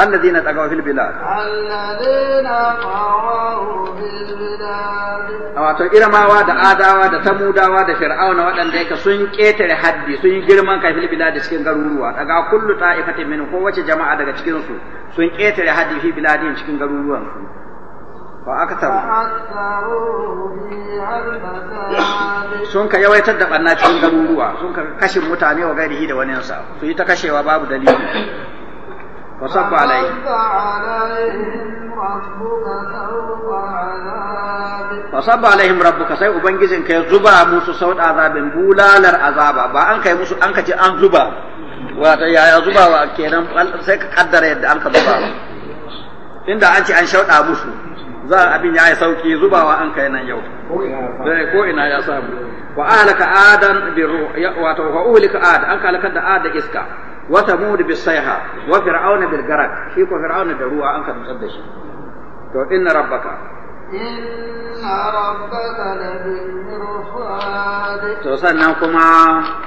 Speaker 2: الذين طغوا في البلاد
Speaker 1: الذين طغوا في البلاد
Speaker 2: wato irmawa da adawa da samudawa da fir'auna waɗanda yake sun ƙetare haddi sun yi girman kai fil cikin garuruwa daga kullu ta'ifatin min ko wace jama'a daga cikin sun ƙetare haddi fi biladin cikin garuruwan su fa aktaru sun ka yawaitar da barna cikin garuruwa sun ka kashe mutane wa gairihi da waninsa su yi ta kashewa babu dalili فصب عليه فصب عليهم ربك sai ubangijin kai zuba musu saud azabin bulalar azaba ba an kai musu an kace an zuba wato yaya zubawa kenan sai ka kaddara yadda an ka zuba inda an ce an shauɗa musu za abin ya yi sauki zubawa an kai nan yau ko ina ya samu wa ahlaka adan bi wato wa uhlika ad an kalakar da ad da iska Wata samud bis sayha wa fir'auna bil garak shi ko fir'auna da ruwa an ka tsar da shi to inna rabbaka
Speaker 1: inna rabbaka labil to sannan kuma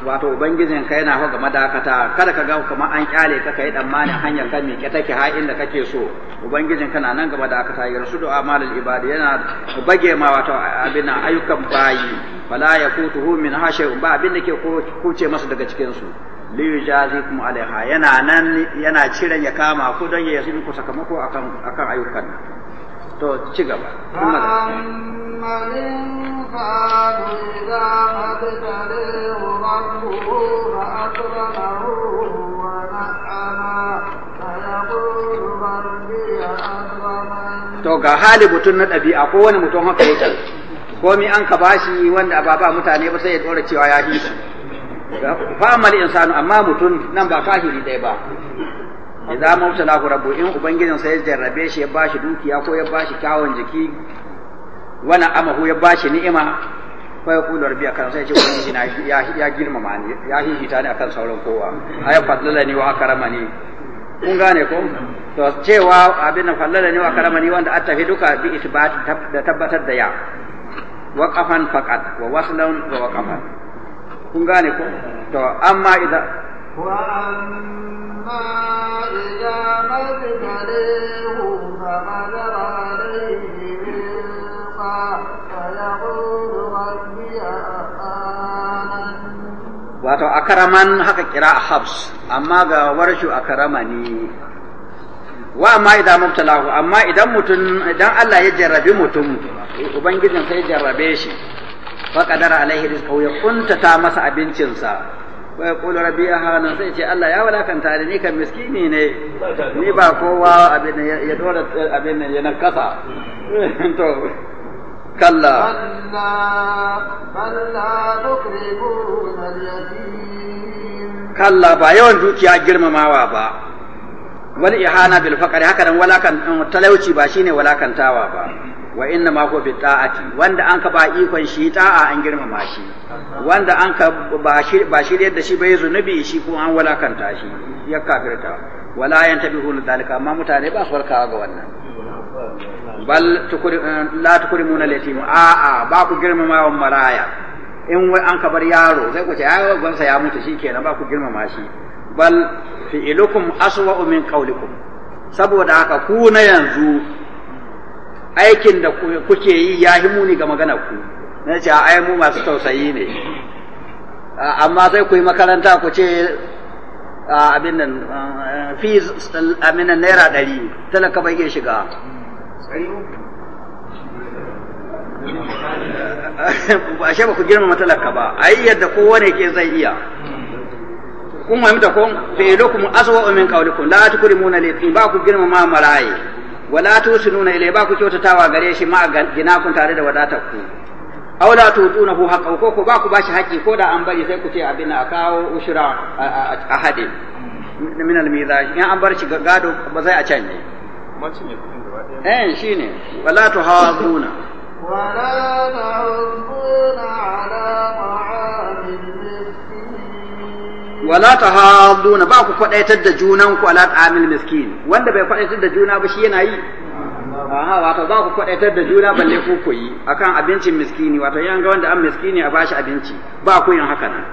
Speaker 2: wato ubangijin ka yana ga madakata kada ka ga kuma an kyale ka kai mani hanyar kan miƙe take ha inda kake so ubangijin kana nan ga madakata ya da du'a malal ibadi yana bage ma wato abin ayyukan bayi fala yakutuhu min hashay ba abin da ke kuce masa daga cikin su liyujazikum alaiha yana nan yana ciran ya kama ku don ya yi ku sakamako akan akan ayyukan to ci gaba to ga hali mutum na ɗabi'a ko wani mutum haka yake komi an ka bashi wanda ba ba mutane ba sai ya dora cewa ya hisu fa'amal insanu amma mutum nan ba kafiri ɗaya ba idan mabtala ku rabu in ubangijin sai ya jarrabe shi ya bashi dukiya ko ya bashi kyawun jiki wani amahu ya bashi ni'ima ko ya kula rabbi akan sai ya ce ubangiji na ya girmama ni ya hihita ni akan sauran kowa ay fadlala ni wa akramani kun gane ko to cewa abin fadlala ni wa akramani wanda attafi duka bi itbat da tabbatar da ya waqafan faqat wa waslan wa waqafan kun gane ko to amma idan
Speaker 1: وأما إذا ما ابتليه فقدر عليه رزقا فيقول ربي
Speaker 2: wato a karaman haka kira a habs amma ga warshu a karama ne wa amma idan mubtalahu amma idan mutum idan Allah ya jarrabi mutum ubangijin sai jarrabe shi fa qadara alaihi rizqahu ya kuntata masa abincinsa wa yaqulu rabbi ahana sai ce Allah ya walakanta ni kan miskini ne ni ba kowa abin ya dora abin ya nakasa to kalla kalla ba yawan dukiya girmamawa ba wal ihana bil faqri haka nan walakan talauci ba shine walakantawa ba wa inna ma ko bi ta'ati wanda an ka ba ikon shi ta'a an girmama shi wanda an ka ba shi ba shi da shi bai zunubi shi ko an walakanta shi ya kafirta wala yantabihuna dalika amma mutane ba su farkawa ga wannan bal la tukrimuna al-yatim a a ba ku girmama wa maraya in wai an ka bar yaro sai ku ce ya gwansa ya mutu shikenan ba ku girmama shi bal fi'ilukum aswa'u min qawlikum saboda haka ku na yanzu aikin da kuke yi ya yi muni ga magana ku na ce a mu masu tausayi ne amma sai ku yi makaranta ku ce abin naira ɗari talaka bai iya shiga ashe ba ku girmama matalaka ba a yi yadda kowane ke zai iya kun fahimta kun fi'ilukum aswa'u min qawlikum la muna laifin, ba ku girmama maraye wala tu nuna ilai ba ku kyautatawa gare shi ma gina kun tare da wadatar ku aw la hu haqqahu ko ku ba ku bashi haƙi ko da an bari sai ku ce abin a kawo ushura a hade min al mizaj in an bar shi gado ba sai a canje eh shine wala tuhazuna
Speaker 1: wala ala ta'amin
Speaker 2: wala ta tahaduna ba ku kwadaitar da junan ku ala ta'amil miskin wanda bai kwadaitar da juna ba shi yana yi aha wato ba ku kwadaitar da juna balle ku koyi akan abincin miskini wato yan ga wanda an miskini a bashi abinci ba ku yin haka nan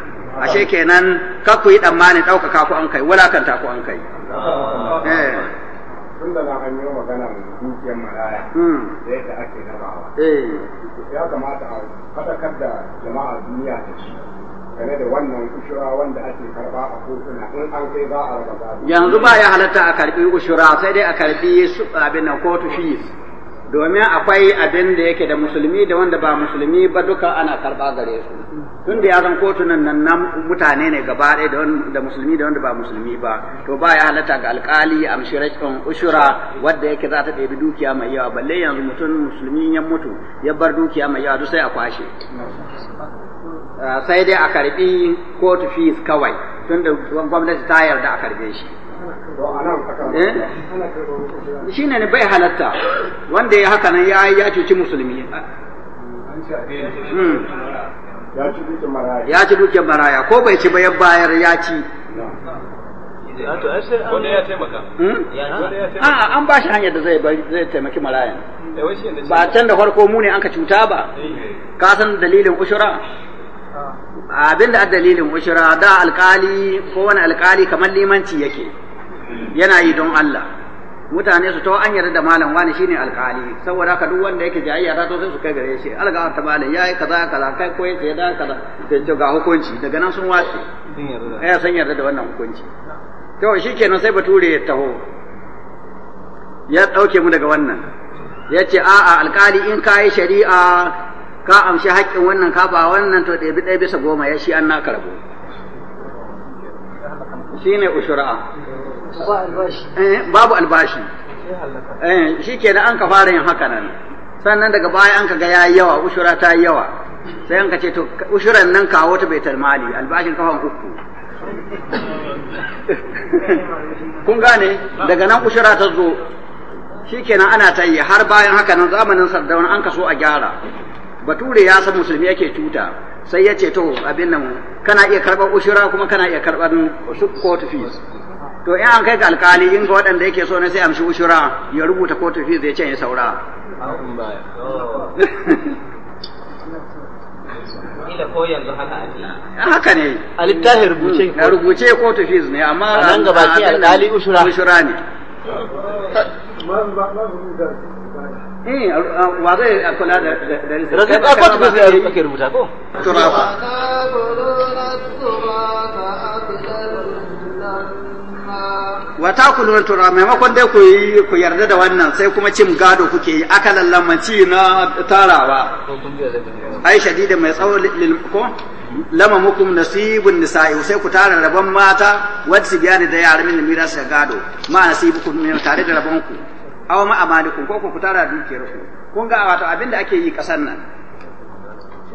Speaker 2: ashe kenan ka ku yi tsammani ka ku an kai wala ta ku an kai eh tun da na hanyo magana dukiyar maraya hmm. da yadda ake rabawa eh. ya kamata a fadakar da jama'a duniya ta ci. game da wannan ushura wanda ake
Speaker 1: karba a kotuna in an kai za a raba yanzu ba ya
Speaker 2: halatta a karbi ushura sai dai a karbi su abin nan kotu fees domin akwai abin da yake da musulmi da wanda ba musulmi ba duka ana karba gare su tun da ya zan kotunan nan nan mutane ne gaba da da musulmi da wanda ba musulmi ba to ba ya halatta ga alkali amshi rashin ushura wadda yake za ta ɗebi dukiya mai yawa balle yanzu mutum musulmi ya mutu ya bar dukiya mai yawa duk sai a kwashe Eh, sai dai a karbi court fees kawai tunda gwamnati ta yarda a karbe shi
Speaker 1: eh? shi
Speaker 2: ne bai halatta wanda ya haka nan ya cuci musulmi
Speaker 3: hmm. ya
Speaker 2: ci duke maraya ko bai ci bayan bayar ya ci hmm? an ba shi hanyar da zai taimaki marayan. Eh, ba can da farko mu ne an ka cuta ba, ka san dalilin ushura. abin da dalilin ushira da alkali ko wani alkali kamar limanci yake yana yi don Allah mutane su to an yarda da malam wani shine alkali saboda haka duk wanda yake jayayya ta to sai su kai gare shi alga ta malam yayi kaza kaza kai ko yace da kaza sai to ga hukunci daga nan sun wace eh san yarda da wannan hukunci to shikenan sai bature ya taho ya dauke mu daga wannan yace a'a alkali in kai shari'a ka amshi haƙƙin wannan ka ba wannan to ɗebi ɗaya bisa goma ya shi an naka rabu shi ne ushura eh, babu albashi eh, shi ke da an ka fara yin haka nan sannan daga baya an ka ga ya yawa ushura ta yi yawa sai an ka ce to ushuran nan kawo ta baitar mali albashin kafan uku kun gane daga nan ushura ta zo shi kenan ana ta yi har bayan haka nan zamanin sardauna an ka so a gyara bature ya san musulmi yake tuta sai ya ce to abin nan kana iya karɓar ushura kuma kana iya karɓar court fees to in an kai ga alkali in ga waɗanda yake so ne sai amshi ushura ya rubuta court fees ya ce ya saura haka ne a rubuce na rubuce court fees ne amma a nan gaba ke alkali ushura ushura ne
Speaker 1: wata
Speaker 3: wa zai
Speaker 2: kula da da maimakon dai ku yi ku yarda da wannan sai kuma cin gado kuke yi akalan lamanci na tarawa. Ai shadida mai tsawo lil ko? lama mukum nasibun nisa'i sai ku tara rabon mata wadda su biya da yara min mira gado ma nasibukum min tare da rabon ku aw ma amalikum ko ku tara dukiyar ku kun ga wato abin da ake yi kasar nan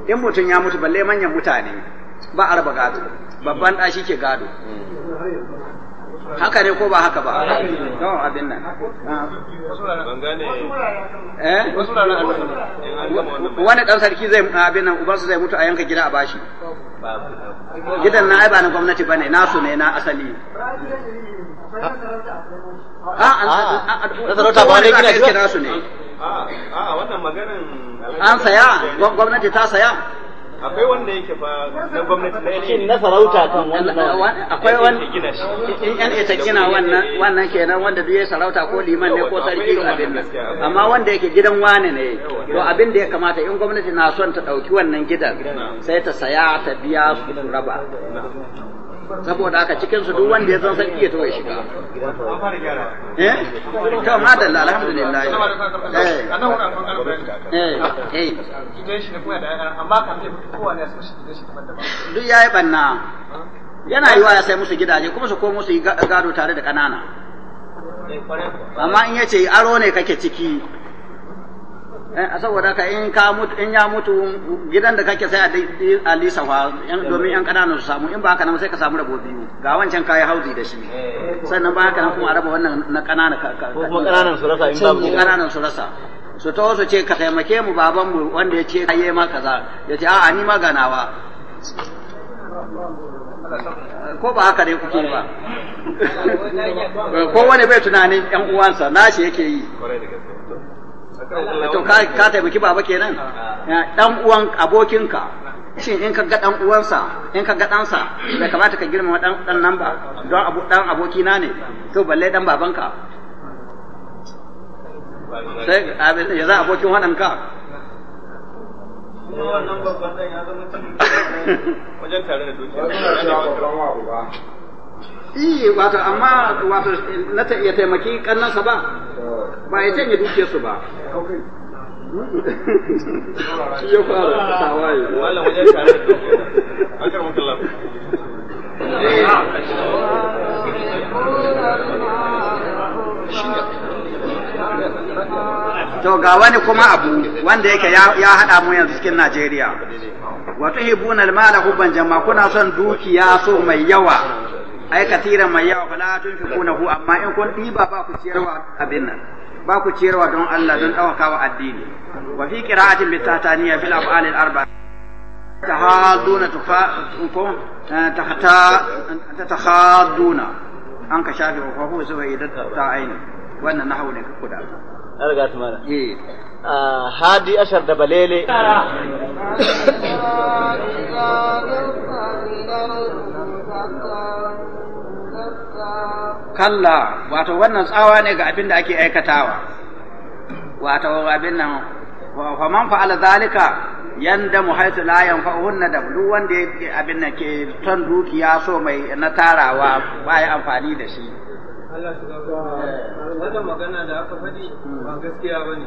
Speaker 2: in mutum ya mutu balle manyan mutane ba arba gado babban da shi ke gado haka ne ko ba haka ba don abin nan eh? wani dan sarki zai abin nan ubansu zai mutu a yanka gida a bashi gidan na ai ba na gwamnati bane nasu ne na asali
Speaker 3: a ah, ah. sarauta ba ne gina nasu ne ah,
Speaker 2: an saya gwamnati ta saya
Speaker 3: akwai wanda yake fa na
Speaker 2: gwamnati na shin na sarauta kan wannan akwai wanda gina shi in ita gina wannan wannan kenan wanda duk ya sarauta ko liman ne ko sarki ko abin nan amma wanda yake gidan wani ne to abin da ya kamata in gwamnati na son ta dauki wannan gidan sai ta saya ta biya
Speaker 1: su raba saboda haka cikin su duk wanda ya zan sarki ya to ya shiga
Speaker 3: eh to madalla alhamdulillah eh eh eh shi ne da amma kan kowa ne su shi shi
Speaker 2: duk yayi banna yana yiwa ya sai musu gidaje kuma su komo su gado tare da kanana amma in yace aro ne kake ciki Eh, saboda ka in ka mutu in ya mutu gidan da kake sai a lisafa domin yan kananan su samu in ba haka nan sai ka samu rabo biyu ga wancan kayi hauzi da shi sannan ba haka nan kuma raba wannan na kanana ko kuma kananan su rasa in ba kananan su rasa su to su ce ka taimake mu baban mu wanda ya ce kayi ma kaza ya ce a ni ma ganawa ko ba haka dai kuke ba ko wani bai tunanin yan uwansa nashi yake yi to ka taimaki baba kenan ah. dan uwan abokinka shin in ka ga dan uwansa in ka ga ɗansa bai kamata ka girmama dan dan nan ba don abu dan abokina ne to balle dan babanka sai ya za abokin wannan ka
Speaker 3: wajen tare da dukiya
Speaker 2: Iyi wato amma wato na ta iya taimaki kannansa ba ba ya canye duke su ba.
Speaker 4: Shi ya fara waye wala wajen shari'a
Speaker 1: da
Speaker 2: To ga wani kuma abu wanda yake ya haɗa mu yanzu cikin Najeriya. Wato hibunal mala hubban jama'a kuna son dukiya so mai yawa ai katiran mai yawa fala tun fi kunahu amma in kun diba ba ku ciyarwa abin nan ba ku ciyarwa don Allah don dawakawa addini wa fi qira'atin bitataniya fil af'al al arba tahaduna tufa tufakum tahta tahaduna an ka shafi wa fa huwa zuwa idan ta aini wannan nahawu ne ka kuda an
Speaker 3: riga ta mala eh hadi ashar da balele
Speaker 2: kalla wato wannan tsawa ne ga abin da ake aikatawa wato abin nan fa fa'ala zalika yanda mu haitu la yanfa'uhunna da duk wanda abin da ke ton dukiya so mai na tarawa ba ya amfani da shi Allah shi wannan magana da aka faɗi ba gaskiya ba ne.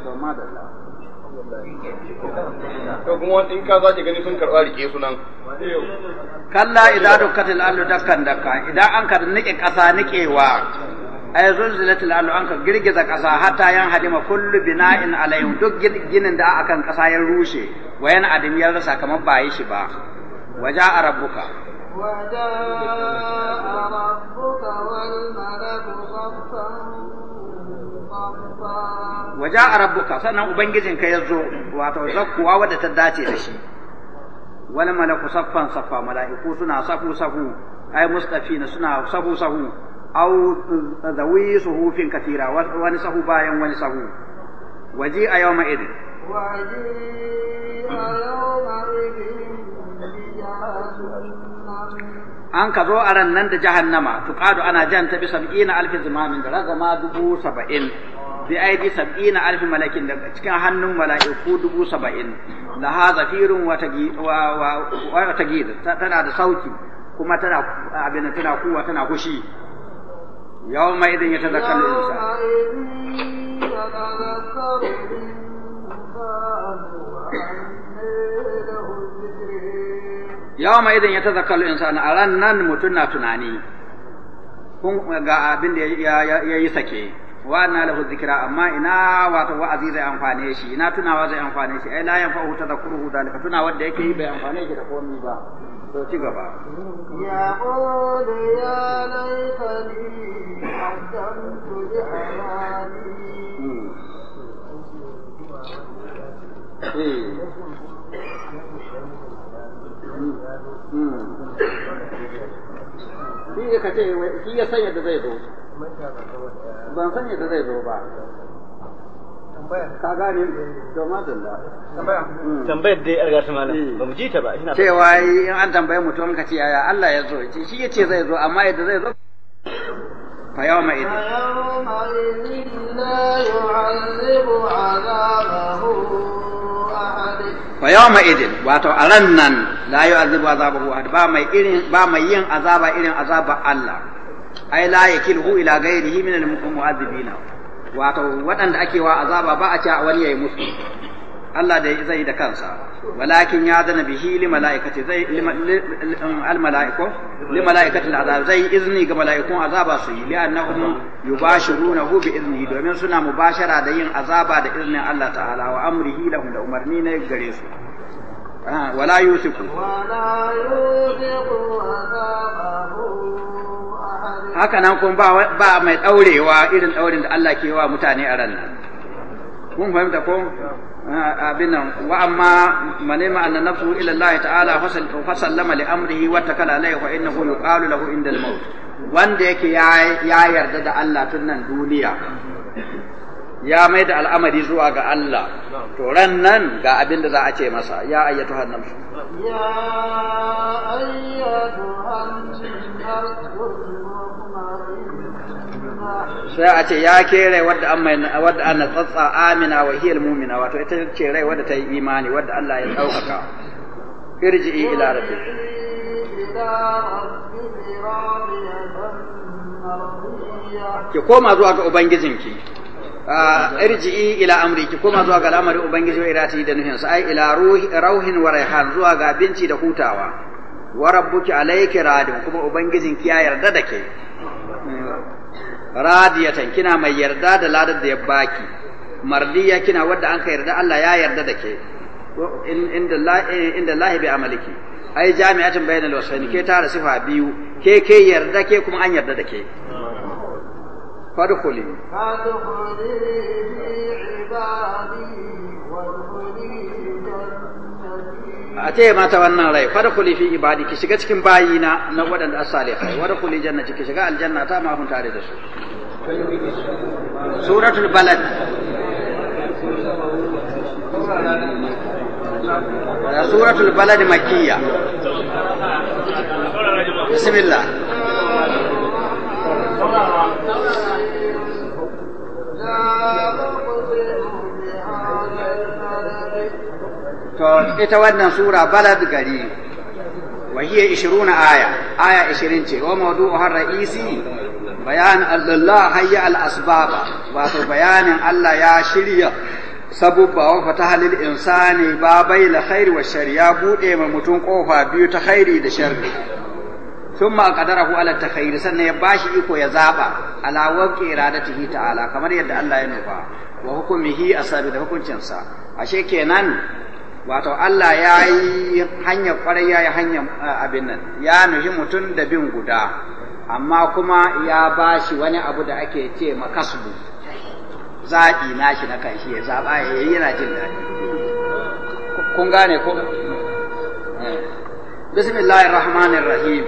Speaker 2: To kuma in ka za ki gani sun karɓa rike sunan. Kalla idan an ka nike ƙasa nikewa ay zulzilatil an ka girgiza ƙasa hatta yan hadima kullu bina'in alayhi duk ginin da akan ƙasa ya rushe wayan adam ya rasa kamar ba yi shi ba waja rabbuka
Speaker 1: وجاء ربك والملك صفا صفا
Speaker 2: وجاء ربك سنة أبنجزن كي يزو واتوزكوا ودى تداتي لشي wal malaku saffan saffa mala'iku suna safu safu ai mustafina suna safu safu au zawi suhufin katira wani sahu bayan wani sahu waji a yawma idin an ka zo a ran nan da jahannama tuqadu ana jan ta bi sab'ina alfi zimamin da ragama dubu saba'in bi aidi sab'ina alfi malakin da cikin hannun mala'iku dubu saba'in da ha zafirun wa gida tana da sauki kuma tana abin tana kuwa tana kushi yawma idin yatazakkaru
Speaker 1: insan
Speaker 2: mai idan ya kallon insanu a ran nan mutum na tunani kun ga abin da ya yi sake wa na lahu zikira, amma ina wata wa'azi zai amfane shi ina tunawa zai amfane shi ai ta zakuru tadhakkuruhu dalika tunawa da yake yi bai amfane shi da komai ba to ci gaba
Speaker 1: ya qulu ya laitani qaddamtu li hayati
Speaker 4: shi
Speaker 2: ka ce shi ya sanya da zai zo ban sanya da zai zo
Speaker 1: ba ka gane to
Speaker 2: madalla tambayar dai yar gashi malam hmm. ba mu ji ta ba ina cewa in an tambaye mutum ka ce yaya Allah ya zo shi ya ce zai zo amma yadda zai zo fa yau mai idi
Speaker 1: la yu'azzibu azabahu
Speaker 2: fa yawma idin wato a ran nan la yu'azibu azabahu ba mai irin ba mai yin azaba irin azaba Allah ai la yakilhu ila ghairihi min al-mu'azzibina wato waɗanda ake wa azaba ba a ci a wani yayi musu Allah da zai yi da kansa walakin ya zana bihi li malaikati zai um, al malaiku li malaikati al azab zai izini ga malaikun azaba su yi li'annahum yubashirunahu bi izni domin suna mubashara da yin azaba da iznin Allah ta'ala wa amrihi lahum da umarni ne gare su ah, wala yusiku haka nan kun ba mai daurewa irin daurin da Allah ke wa mutane a ran nan kun fahimta ko Abinan wa amma manema anna nafsu ila Allah ta'ala fa sallama li amrihi wa takala alayhi wa innahu yuqalu lahu inda al-maut wanda yake ya yarda da Allah tun nan duniya ya mai da al'amari zuwa ga Allah to ran nan ga abin da za a ce masa ya ayyatu hannun ya ayyatu hannun sai a ce ya ke rai wadda an mai wadda an tsatsa amina wa hiyal mu'mina wato ita ce rai wadda ta yi imani wadda Allah ya daukaka Irji ila rabbi ki koma zuwa ga ubangijinki ah, irji ila amri ki koma zuwa ga al'amari ubangiji wa irati da nuhin sa ai ila ruhi rauhin wa raihan zuwa ga abinci da hutawa wa rabbuki alayki radin kuma ubangijinki ya yarda da ke radiyatan kina mai yarda da ladar da ya baki mardiya kina wadda an ka yarda Allah ya yarda da ke inda lahi bi amaliki ai jami'atin bainal wasaini ke tara sifa biyu ke ke yarda ke kuma an yarda da ke fadkhuli a ce mata wannan rai farkuli fi ibadi ki shiga cikin bayina na waɗanda as-salihai wa kuli jannati ki shiga aljanna ta ma hun tare da su suratul balad suratul balad makiyya
Speaker 1: bismillah لا
Speaker 2: أقسم ita wannan sura balad gari wa hiya 20 aya aya 20 ce wa har ra'isi bayan Allah hayya al asbaba wato bayanin Allah ya shirya sabubba wa in lil ba bai la khair wa shari ya bude ma mutum kofa biyu ta khairi da sharri thumma qadarahu ala ta khairi sannan ya bashi iko ya zaba ala waqi iradatihi ta'ala kamar yadda Allah ya nufa wa hukumihi asabi da hukuncinsa ashe kenan wato Allah ya yi hanyar kwarai ya yi hanyar abin nan ya nuhi mutum da bin guda amma kuma ya ba shi wani abu da ake ce makasbu zaɓi na shi na kan shi ya zaɓa ya yi yana jin daɗi kun gane ko eh. bismillahir rahmanir rahim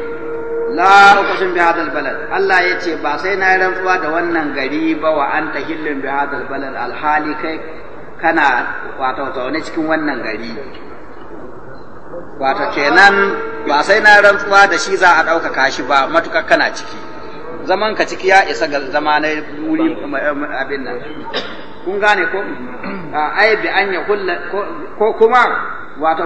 Speaker 2: la uqsim bi hadal balad Allah ya ce ba sai na yi rantsuwa da wannan gari ba wa anta hillun bi hadal balad alhali kai kana wato zaune cikin wannan gari wato kenan ba sai na rantsuwa da shi za a ɗaukaka shi ba matukar kana ciki zaman ka ciki ya isa ga zama na wuri abin nan kun gane ko ai bi an ya kulla ko kuma wato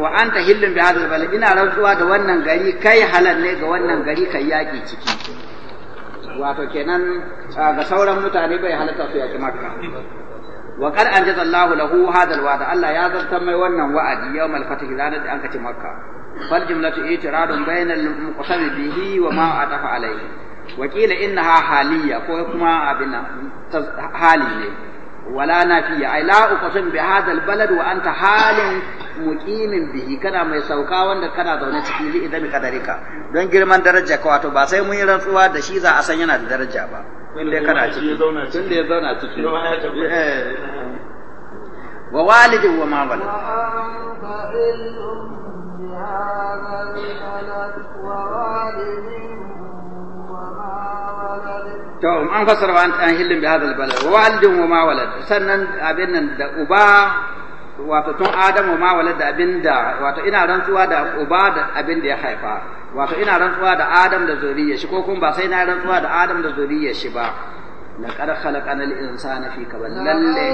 Speaker 2: wa anta hillin bi hadal bal ina rantsuwa da wannan gari kai halal ne ga wannan gari kai yaki ciki wato kenan ga sauran mutane bai halatta su yaki makka wa qad anjazallahu lahu hadha Allah ya zartar mai wannan wa'adi yawmal fath ranar da anka ci makka fal jumlatu itiradun bainal muqtabi bihi wa ma atafa alayhi wa qila innaha haliyya kuma abin hali ne wala nafiya ai la uqsim bi hadha albalad halin muƙimin bihi kana mai sauka wanda kana zaune ciki li idan kadarika don girman daraja ka wato ba sai mun yi rantsuwa da shi za a san yana da daraja ba من اللي كان عاجب من اللي يظن عاجب ووالد وما ولد
Speaker 1: وأنت الأم بهذا الولد ووالد وما ولد توم
Speaker 2: أنفسر وأنت أهل بهذا البلد ووالد وما ولد سنن أبنن أبا wato tun adamu ma walad da abinda wato ina rantsuwa da uba da abinda ya haifa wato ina rantsuwa da adam da zuriyar shi ko kuma ba sai na rantsuwa da adam da zuriyar shi ba laqad khalaqana al-insana fi kabad lalle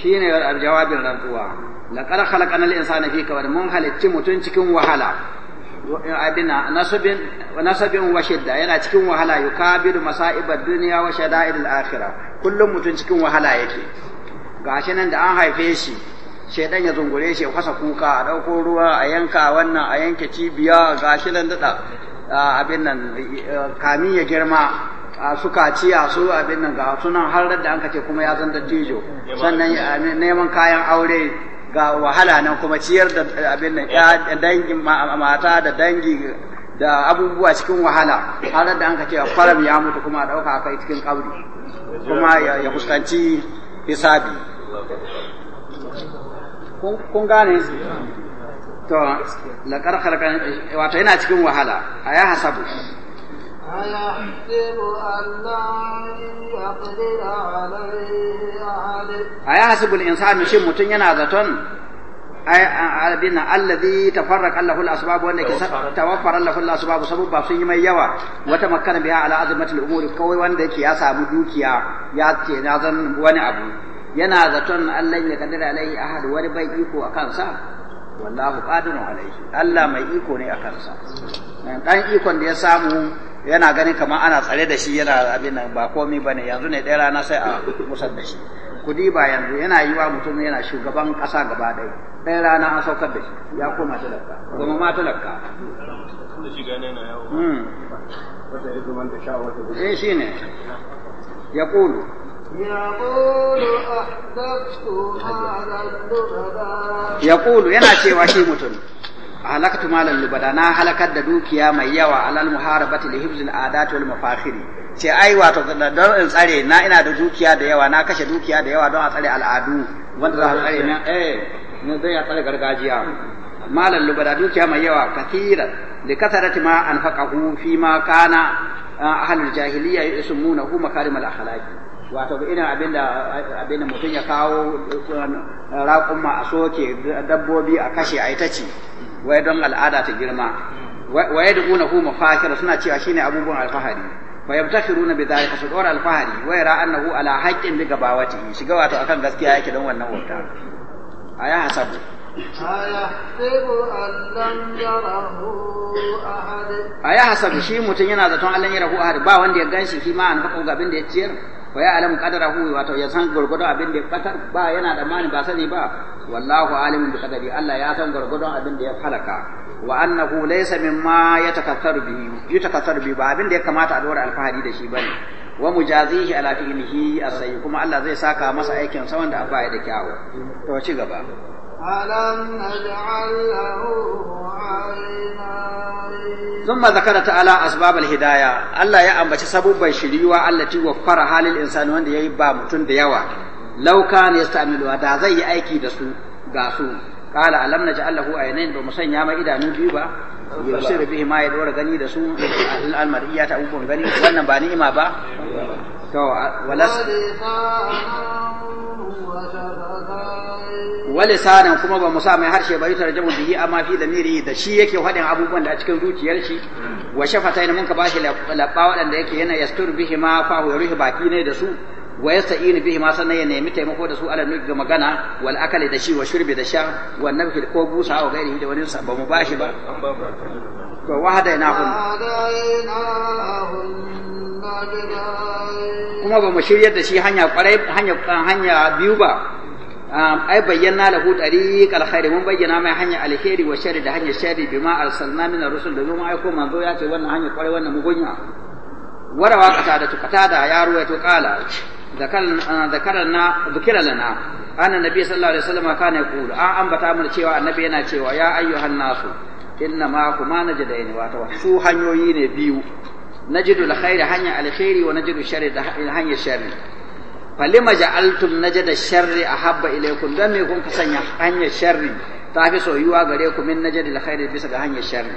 Speaker 2: shine jawabin rantsuwa laqad khalaqana al-insana fi kabad mun halicci mutun cikin wahala abina nasabin nasabin wa shidda yana cikin wahala yukabiru masa'ibad dunya wa shada'idil akhirah kullum mutum cikin wahala yake ga shi nan da an haife shi shaidan ya zungure shi ya fasa kuka a ɗauko ruwa a yanka wannan a yanke cibiya ga shi nan daɗa abin nan eh, kamin ya girma a su kaciya su abin nan ga sunan har da an kace kuma ya zan dattijo sannan eh, neman kayan aure ga wahala nan kuma ciyar da eh, abin nan ya dangin mata da dangi da abubuwa cikin wahala har da an ka ce kwaram ya mutu kuma a ɗauka kai cikin kabri kuma ya fuskanci hisabi kun gane to laƙar harkar wato yana cikin wahala a ya hasabu a ya hasibul insanu shin mutum yana zaton abin alladhi tafarraqa lahu al-asbab wanda ke tawaffara lahu al-asbab sabab sun yi mai yawa wata makana biha ala al umuri kawai wanda yake ya samu dukiya ya ce na zan wani abu yana zaton Allah ya kaddara alai ahad wani bai iko a kansa wallahu qadiru alaihi Allah mai iko ne a kansa dan ikon da ya samu yana ganin kamar ana tsare da shi yana abin ba komai bane yanzu ne ɗaya rana sai a musar da shi ku diba yanzu yana yi wa mutum yana shugaban ƙasa gaba ɗaya ɗaya rana an saukar da shi ya koma talaka kuma ma talaka hmm. eh shi ne ya ƙulu ya ƙulu yana cewa shi mutum halakatu malan lubada na halakar da dukiya mai yawa alal muharabati li hibzil adati wal mafakhiri ce ai wato don in tsare na ina da dukiya da yawa na kashe dukiya da yawa don a tsare al'adu wanda za a tsare na eh ne zai ya tsare gargajiya malan lubada dukiya mai yawa kathira da kasarati ma anfaqahu fi ma kana ahlul jahiliya hu makarimul akhlaq wato ga ina abinda abinda mutum ya kawo eh, ma a soke dabbobi a kashe a ita ce wai don al'ada ta girma wai da hu mafakir suna cewa shine abubuwan alfahari fayabtakhiruna bidhalika su al alfahari wa yara annahu ala haqqin bi gabawati shiga wato akan gaskiya yake don wannan wata aya hasabu aya hasabu shi mutum yana zaton Allah ya rahu ahad ba wanda ya ganshi shi ma an faɗo ga abin da ya ciyar wa ya alamu qadarahu wato ya san gurgudon abin da ya fatar ba yana da mani ba sani ba wallahu alimun bi qadari Allah ya san gurgudon abin da ya halaka wa annahu laysa mimma yatakassaru bi yatakassaru bi ba da ya kamata a dora alfahari da shi bane wa mujazihi ala fi'lihi asai kuma Allah zai saka masa aikin sa wanda abba ya da kyawu to ci gaba
Speaker 1: alam naj'al lahu thumma zakara
Speaker 2: ta'ala asbab al Allah ya ambaci sabubban shiriwa allati waffara halil insani wanda yayi ba mutun da yawa law kana yasta'milu da zai yi aiki da su ga su qala alam naj'al lahu aynayn ba musanya ma idanu biyu ba yusir bihi ma ya dora gani da su al-mar'iyya ta abubuwan gani wannan ba ni'ima ba to walas kuma ba sa mai harshe ba yutar jamu bihi amma fi damiri da shi yake haɗin abubuwan da a cikin zuciyar shi wa shafatain mun ka bashi labba waɗanda yake yana yastur bihi ma fa ruhi baki ne da su wa yasta'inu bihi ma sannan ya nemi taimako da su ala nuki ga magana wal akali da shi wa shurbi da sha wa nafki ko busa wa gairi da wani sa ba mu bashi ba to wahada ina hun kuma ba mu shiryar da shi hanya kwarai hanya hanya biyu ba ai bayyana lahu tariqal khair mun bayyana mai hanya alheri wa shari da hanya shari bima arsalna min ar-rusul da mun aiko manzo ya ce wannan hanya kwarai wannan mugunya warawa qatada qatada ya ruwaito qala ذكرنا ذكر لنا أن النبي صلى الله عليه وسلم كان يقول آه أن بتعمل cewa النبي أنا cewa يا أيها الناس إنما كما نجدين واتوا su hanyoyi ne biyu najidu alkhairi hanya alkhairi wa najidu sharri da hanya sharri falima ja'altum najada sharri ahabba ilaykum dan me kun sanya hanya sharri ta fi soyuwa gare ku min najadi alkhairi bisa ga hanya sharri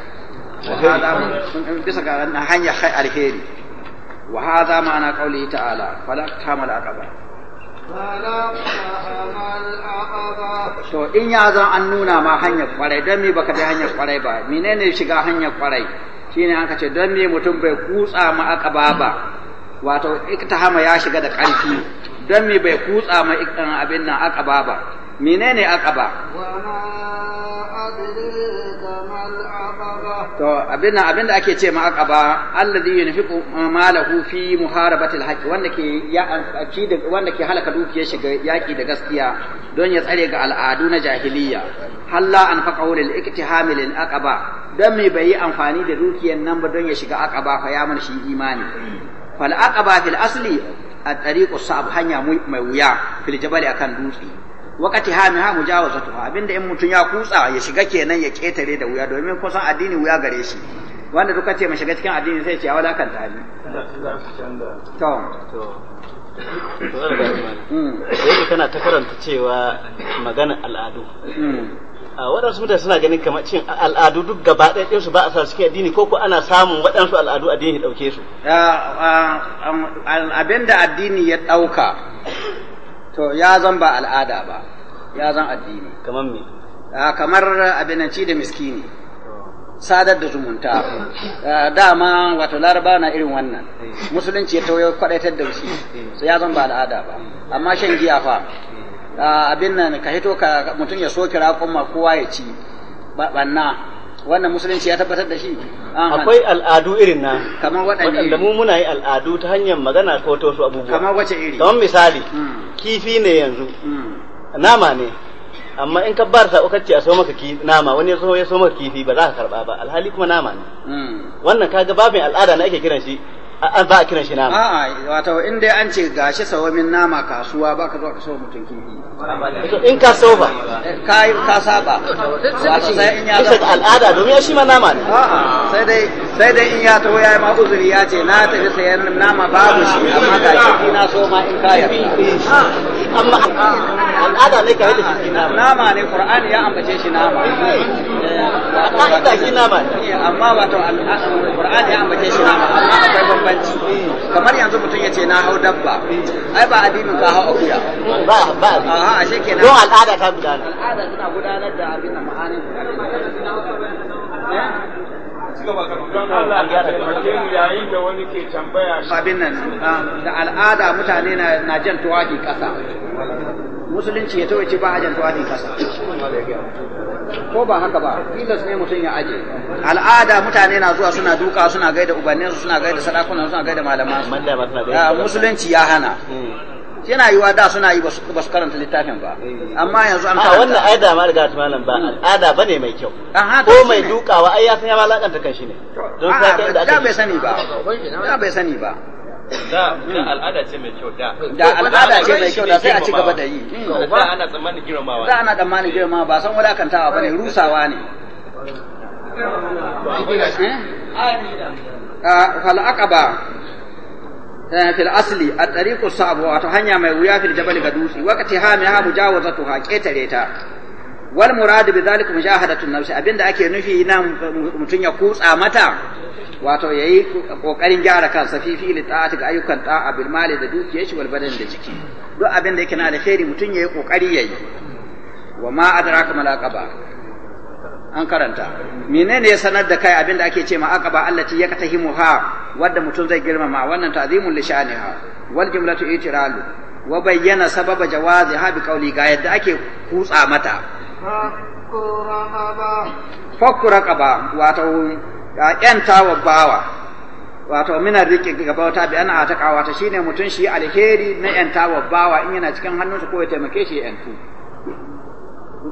Speaker 2: وهذا معنى قوله تعالى فلا اقتحم العقبة to in ya zan an nuna ma hanyar kwarai don me baka bi hanyar kwarai ba menene shiga hanyar kwarai shine aka ce don me mutum bai kutsa ma akaba ba wato iktahama ya shiga da ƙarfi don me bai kutsa ma abin nan akaba ba menene akaba to abin abin da ake ce ma aqaba allah yunfiqu malahu fi muharabati alhaqi wanda ke ya aki da wanda ke halaka dukiyar shiga yaki da gaskiya don ya tsare ga al'adu na jahiliya halla an faqahu lil iktihami lil aqaba dan me bai amfani da dukiyar nan ba don ya shiga aqaba fa ya mun shi imani fal aqaba fil asli at-tariqu sab hanya mai wuya fil jabali akan dutse wakati ha min ha mujawazatuha abinda in mutun ya kutsa ya shiga kenan ya ketare da wuya domin kusan addini wuya gare shi wanda duka ce mu shiga cikin addini sai ce ya wala kan tani to to
Speaker 4: mm.
Speaker 3: kana ta karanta cewa magana al'adu mm. waɗansu mutane suna ganin kamar cin al'adu duk gaba ɗaya ɗin su ba a sa suke addini ko ko ana samun
Speaker 2: waɗansu al'adu addini ɗauke su abinda addini ya ɗauka to ya zan ba al'ada ba ya zan addini kamar me ah, kamar abinanci da miskini oh. sadar da zumunta ah, dama wato laraba na irin wannan eh. musulunci ya tauye kwadaitar da shi eh. so ya zan ba al'ada ba eh. amma shan giya fa ah, abin nan ka hito ka mutum ya so kira kuma kowa ya ci banna wannan musulunci ya tabbatar da shi akwai al'adu
Speaker 3: irin na kamar
Speaker 2: waɗanda mu muna
Speaker 3: yi al'adu ta hanyar magana ko ta wasu abubuwa kamar wace iri kamar misali hmm. kifi ne yanzu hmm. nama ne amma in ka bar sa ka ce a so maka nama wani ya so maka kifi ba za ka karba ba alhali kuma nama ne hmm. wannan kaga babin al'ada na ake kiran shi ba a kiran shi nama
Speaker 2: a'a wato in dai an ce gashi sawamin nama kasuwa ba ka zo ka sawo mutum kifi in ka sawo ba ka ka saba wato sai in ya bisa al'ada domin shi ma nama ne a'a sai dai sai dai in ya ta yayi ma uzuri ya ce na tafi sayan nama babu shi amma gashi na so ma in ka yi. amma al'ada ne kare da shi nama nama ne qur'ani ya ambace shi nama eh, a ka'ida shi nama ne eh, amma wato qur'ani ya ambace shi nama amma akwai bambanci kamar yanzu mutum ya ce na hau dabba ai ba addinin ka hau akuya ba ba a ashe kenan don al'ada ta gudana
Speaker 1: al'ada tana gudanar da abin da ma'anin eh?
Speaker 2: yayin da wani ke tambaya abin nan ah, da al'ada mutane na jan tuwaki ƙasa musulunci ya tawaye ba ajan tuwaɗin kasa ko ba haka ba tilas ne mutum ya aje al'ada mutane na zuwa suna duka suna gaida ubanninsu suna gaida sadakunan suna gaida malaman ah, musulunci ya hana hmm. yana wa da suna yi ba su karanta littafin ba hmm. amma yanzu an ah, karanta wannan ai
Speaker 3: da ma riga ta malam ba hmm. al'ada bane mai kyau
Speaker 2: ko mai dukawa ai ya san ya malakanta kan shi ne don ah, sai da bai sani ba da bai sani ba
Speaker 3: da al'ada ce mai kyau da al'ada ce mai kyau sai a ci gaba da yi da ana tsammanin girmamawa da ana tsammanin
Speaker 2: girmamawa ba san wadakantawa ne rusawa ne
Speaker 1: eh?
Speaker 2: ah, fal aqaba eh, fil a at kusa sa'bu wato hanya mai wuya fil jabal ga dutse wakati ha mai ha mujawazatuha ketare ta wal muradu bi zalika mushahadatun nafsi abinda ake nufi nan mutun ya kutsa mata wato yayi kokarin gyara kansa fi fi li ta'ati ga ayyukan ta'a bil mali da dukiyar shi wal badan da jiki duk abinda yake na da shaidi mutun yayi kokari yayi wa ma adraka malaqaba an karanta menene ya sanar da kai abinda ake ce ma aqaba allati yakatahimuha wadda mutum zai girmama wannan ta'zimun li sha'niha wal jumlatu itiralu wa bayyana sababa jawazi ha bi qawli ga yadda ake kutsa mata fakku raqaba wato yanta wa bawa wato mina rike gaba wata bi ana ta kawata shine mutun shi alheri na yanta wa bawa in yana cikin hannunsa ko ya taimake shi yantu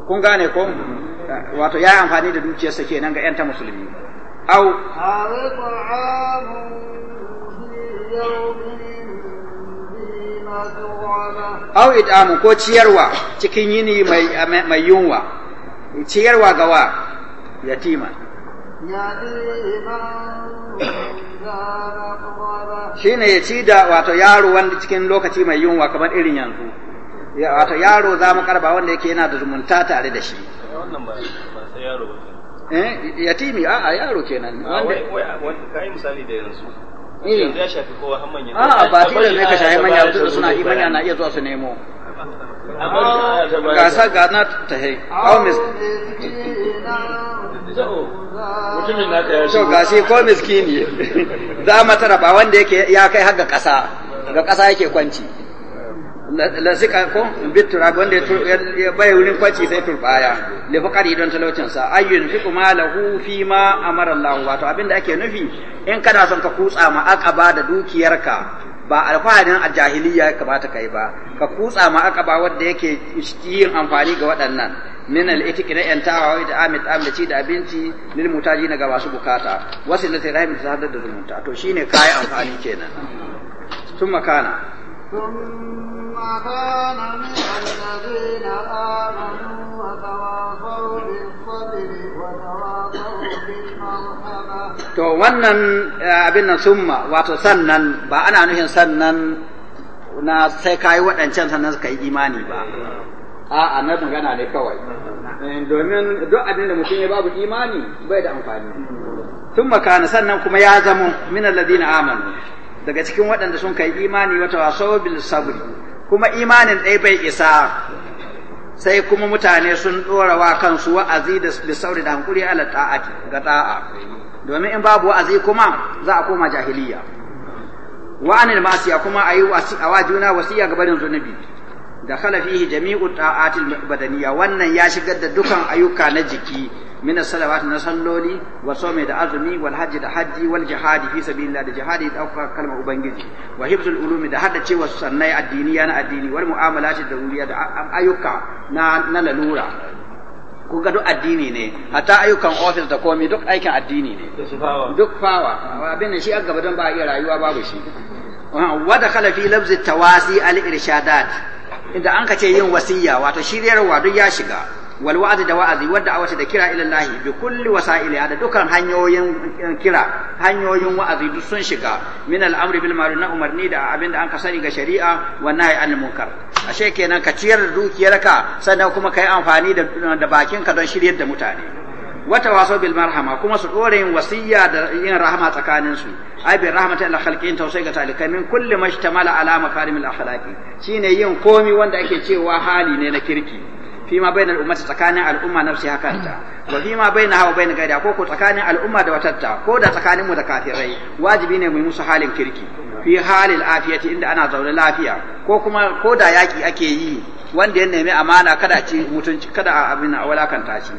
Speaker 2: kun gane ko wato ya amfani da dukiyarsa kenan ga yanta musulmi au aw id'amu ko ciyarwa cikin yini mai mai yunwa ciyarwa ga wa yatima shine ya ci da wato yaro wanda cikin lokaci mai yunwa kamar irin yanzu wato yaro za mu karba wanda yake yana da zumunta tare da shi
Speaker 3: wannan ba sai yaro ba
Speaker 2: eh yatimi a yaro kenan ah,
Speaker 3: wanda kai misali da yanzu Eh. yanzu ya a'a ba ka shafi manya ba suna iya zuwa su
Speaker 2: nemo gasa ga na aw mis mutumin ya shi ko miskini za ba wanda yake ya kai har ga kasa ga kasa yake kwanci lazikakum biturab wanda ya bai wurin kwaci sai turbaya li faqari don talaucin sa ayyun fi kuma lahu fi ma amara Allah wato abinda ake nufi in kana son ka kutsa ma aqaba da dukiyarka ba alfaharin a jahiliya ka bata kai ba ka kutsa ma aqaba wanda yake yin amfani ga waɗannan min al-itiq na tawa wa amit amlaci da abinci lil mutaji na ga masu bukata wasilatu rahim ta da zumunta to shine kai amfani kenan sun makana
Speaker 1: ثم كان من الذين آمنوا وتواصوا بالصبر
Speaker 2: وتواصوا بالمرحمة to wannan eh, abin nan summa wato sannan ba ana nufin sannan na sai yi waɗancan sannan suka yi imani ba a'a na magana ne kawai eh, domin duk abin da mutum ya babu imani bai da amfani sun makana sannan kuma ya zamo min alladina amanu daga cikin waɗanda sun kai imani wata waso bil sabri kuma imanin ɗaya bai isa sai kuma mutane sun ɗora wa kansu wa'azi da bisauri da hankuri ala ta'ati ga ta'a domin in babu wa'azi kuma za a koma jahiliya Wa'anin masiya kuma a yi wa juna wasiya ga barin zunubi da khala jami'u ta'atil badaniya, wannan ya shigar da dukan ayyuka na jiki min as-salawat na salloli wa sawmi da azumi walhaji da hajji wal jihad fi sabilillah da jihadi da aukar kalmar ubangiji wa ulumi da hadda cewa sannai addiniya na addini wal mu'amalat da ruwiya da ayyuka na lalura kun duk addini ne hatta ayyukan ofis da komai duk aikin addini ne duk fawa abin shi a gaba don ba a iya rayuwa babu shi wada kala fi lafzi tawasi al irshadat inda an ka ce yin wasiya wato shiryarwa duk ya shiga Walwa'azi da wa'azi wadda a da kira ila Allah bi kulli wasa'ili da dukan hanyoyin kira hanyoyin wa'azi sun shiga min al amri na umarni da abinda da an ka sani ga shari'a wa nahi anil munkar ashe kenan ka ciyar da dukiyarka sannan kuma ka yi amfani da bakinka don shiryar da mutane wata waso bil marhama kuma su dore yin wasiyya da yin rahama tsakanin su ai bi rahmata ila khalqin tausayi ga talikai min kulli mashtamala ala makarimil akhlaqi shine yin komi wanda ake cewa hali ne na kirki fi ma bainal ummati tsakanin al'umma nafsi hakanta wa fi ma bainaha wa bain gaida ko ko tsakanin al'umma da watatta ko da tsakanin mu da kafirai wajibi ne mu yi musu halin kirki fi halil afiyati inda ana zaune lafiya ko kuma ko da yaki ake yi wanda ya nemi amana kada ci mutunci kada a abin a walakanta shi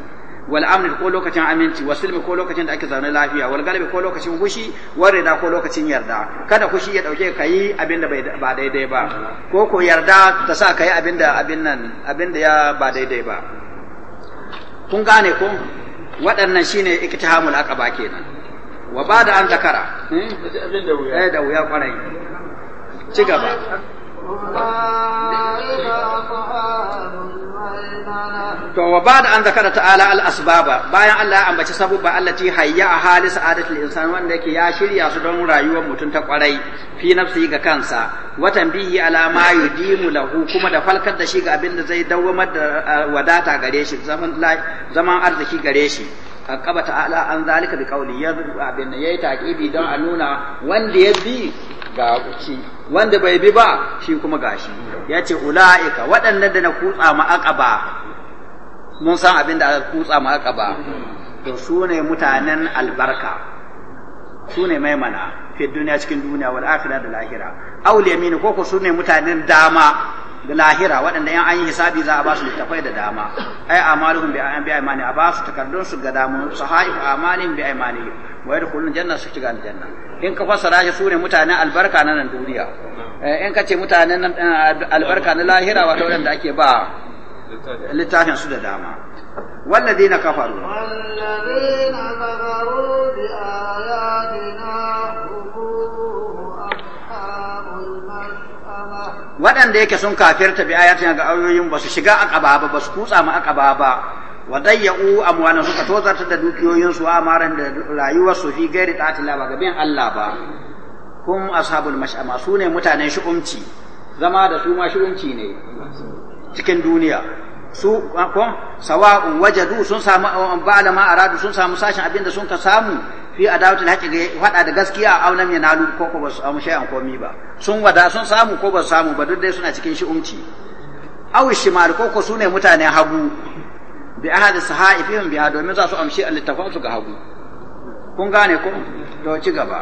Speaker 2: wal amn ko lokacin aminci wa sulmi ko lokacin da ake zaune lafiya wal galbi ko lokacin hushi wal rida ko lokacin yarda kada hushi ya dauke ka yi abinda ba daidai ba ko ko yarda ta sa ka yi abinda abin nan abinda ya ba daidai ba kun gane ko waɗannan shine iktihamul aqaba kenan wa ba da an zakara hmm? eh da wuya kwarai ci gaba to wa ba da an da ta'ala al bayan Allah ya ambaci sabubba ci hayya a hali Sa'adatu insan wanda yake ya shirya su don rayuwar mutum ta kwarai fi nafsi ga kansa watan biyu alama ma dimu lahu kuma da falkar da shi ga abin da zai dawwamar da wadata gare shi zaman arziki gare shi kaba ta'ala an zalika bi qawli ya abin yi taƙ'ibi don a nuna wanda ya bi ga wanda bai bi ba shi kuma gashi ya ce ula'ika waɗannan da na kutsa ma ba, mun san abin da aka kutsa ma aqaba to su ne mutanen albarka su ne maimana fi duniya cikin duniya wal akhira da lahira aul yamin ko ko su ne mutanen dama da lahira waɗanda yan an yi hisabi za a ba su littafai da dama ai amaluhum bi aymani a ba su takardun su ga damu sahaifu amalin bi aymanihim wa yadkhulun janna su shiga aljanna in ka fassara shi sune mutanen albarka na nan duniya eh, in ka ce mutanen eh, albarka na lahira wato wanda ake ba littafin su da dama والذين كفروا
Speaker 1: والذين كفروا بآياتنا
Speaker 2: waɗanda yake sun kafirta bi ayatin ga ayoyin ba su shiga akaba ba ba su kutsa ma akaba ba wa dayya'u amwana suka tozarta da dukiyoyin su amaran da rayuwar su fi gairi ta la ba gaben Allah ba Kum ashabul mash'ama su ne mutanen shi'umci zama da su ma shi'umci ne cikin duniya su ko sawa'un wajadu sun samu ba'ala ma aradu sun samu sashin abin da sun ka samu fi adawatul haqqi ga fada da gaskiya aw lam yanalu ko ko ba su samu shay'an komi ba sun wada sun samu ko ba su samu ba duk dai suna cikin shi'umci aw shimal ko ko sune mutanen hagu bi ahad sahaifihim biha domin za su amshi littafan su ga hagu kun gane ko to ci gaba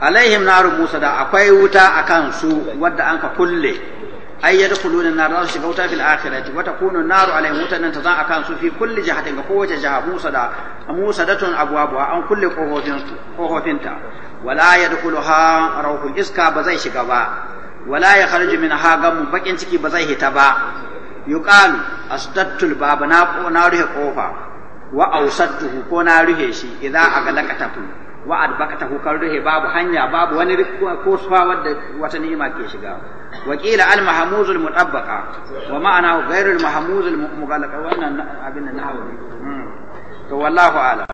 Speaker 2: alaihim naru musa da akwai wuta a su wadda an ka kulle ai ya na naru za su shiga wuta fil akhirati wa takunu naru alaihim wutan nan ta zan akan su fi kulli jihatin ga kowace jiha musa da musa datun abwabuwa an kulle kofofin kofofinta wala yadkhuluha rauhul iska ba zai shiga ba wala ya kharju min ha gamu bakin ciki ba zai hita ba yuqalu asdattul baba na na ruhe kofa wa awsadtuhu ko na ruhe shi idza aglaqatahu wa adbaqatahu kar ruhe babu hanya babu wani ko sufa wadda wata ni'ima ke shiga wa qila al mahmuzul mutabbaqa wa ma'ana ghairu al mahmuzul mughallaqa wannan abin nan hawo hmm.
Speaker 4: to wallahu a'lam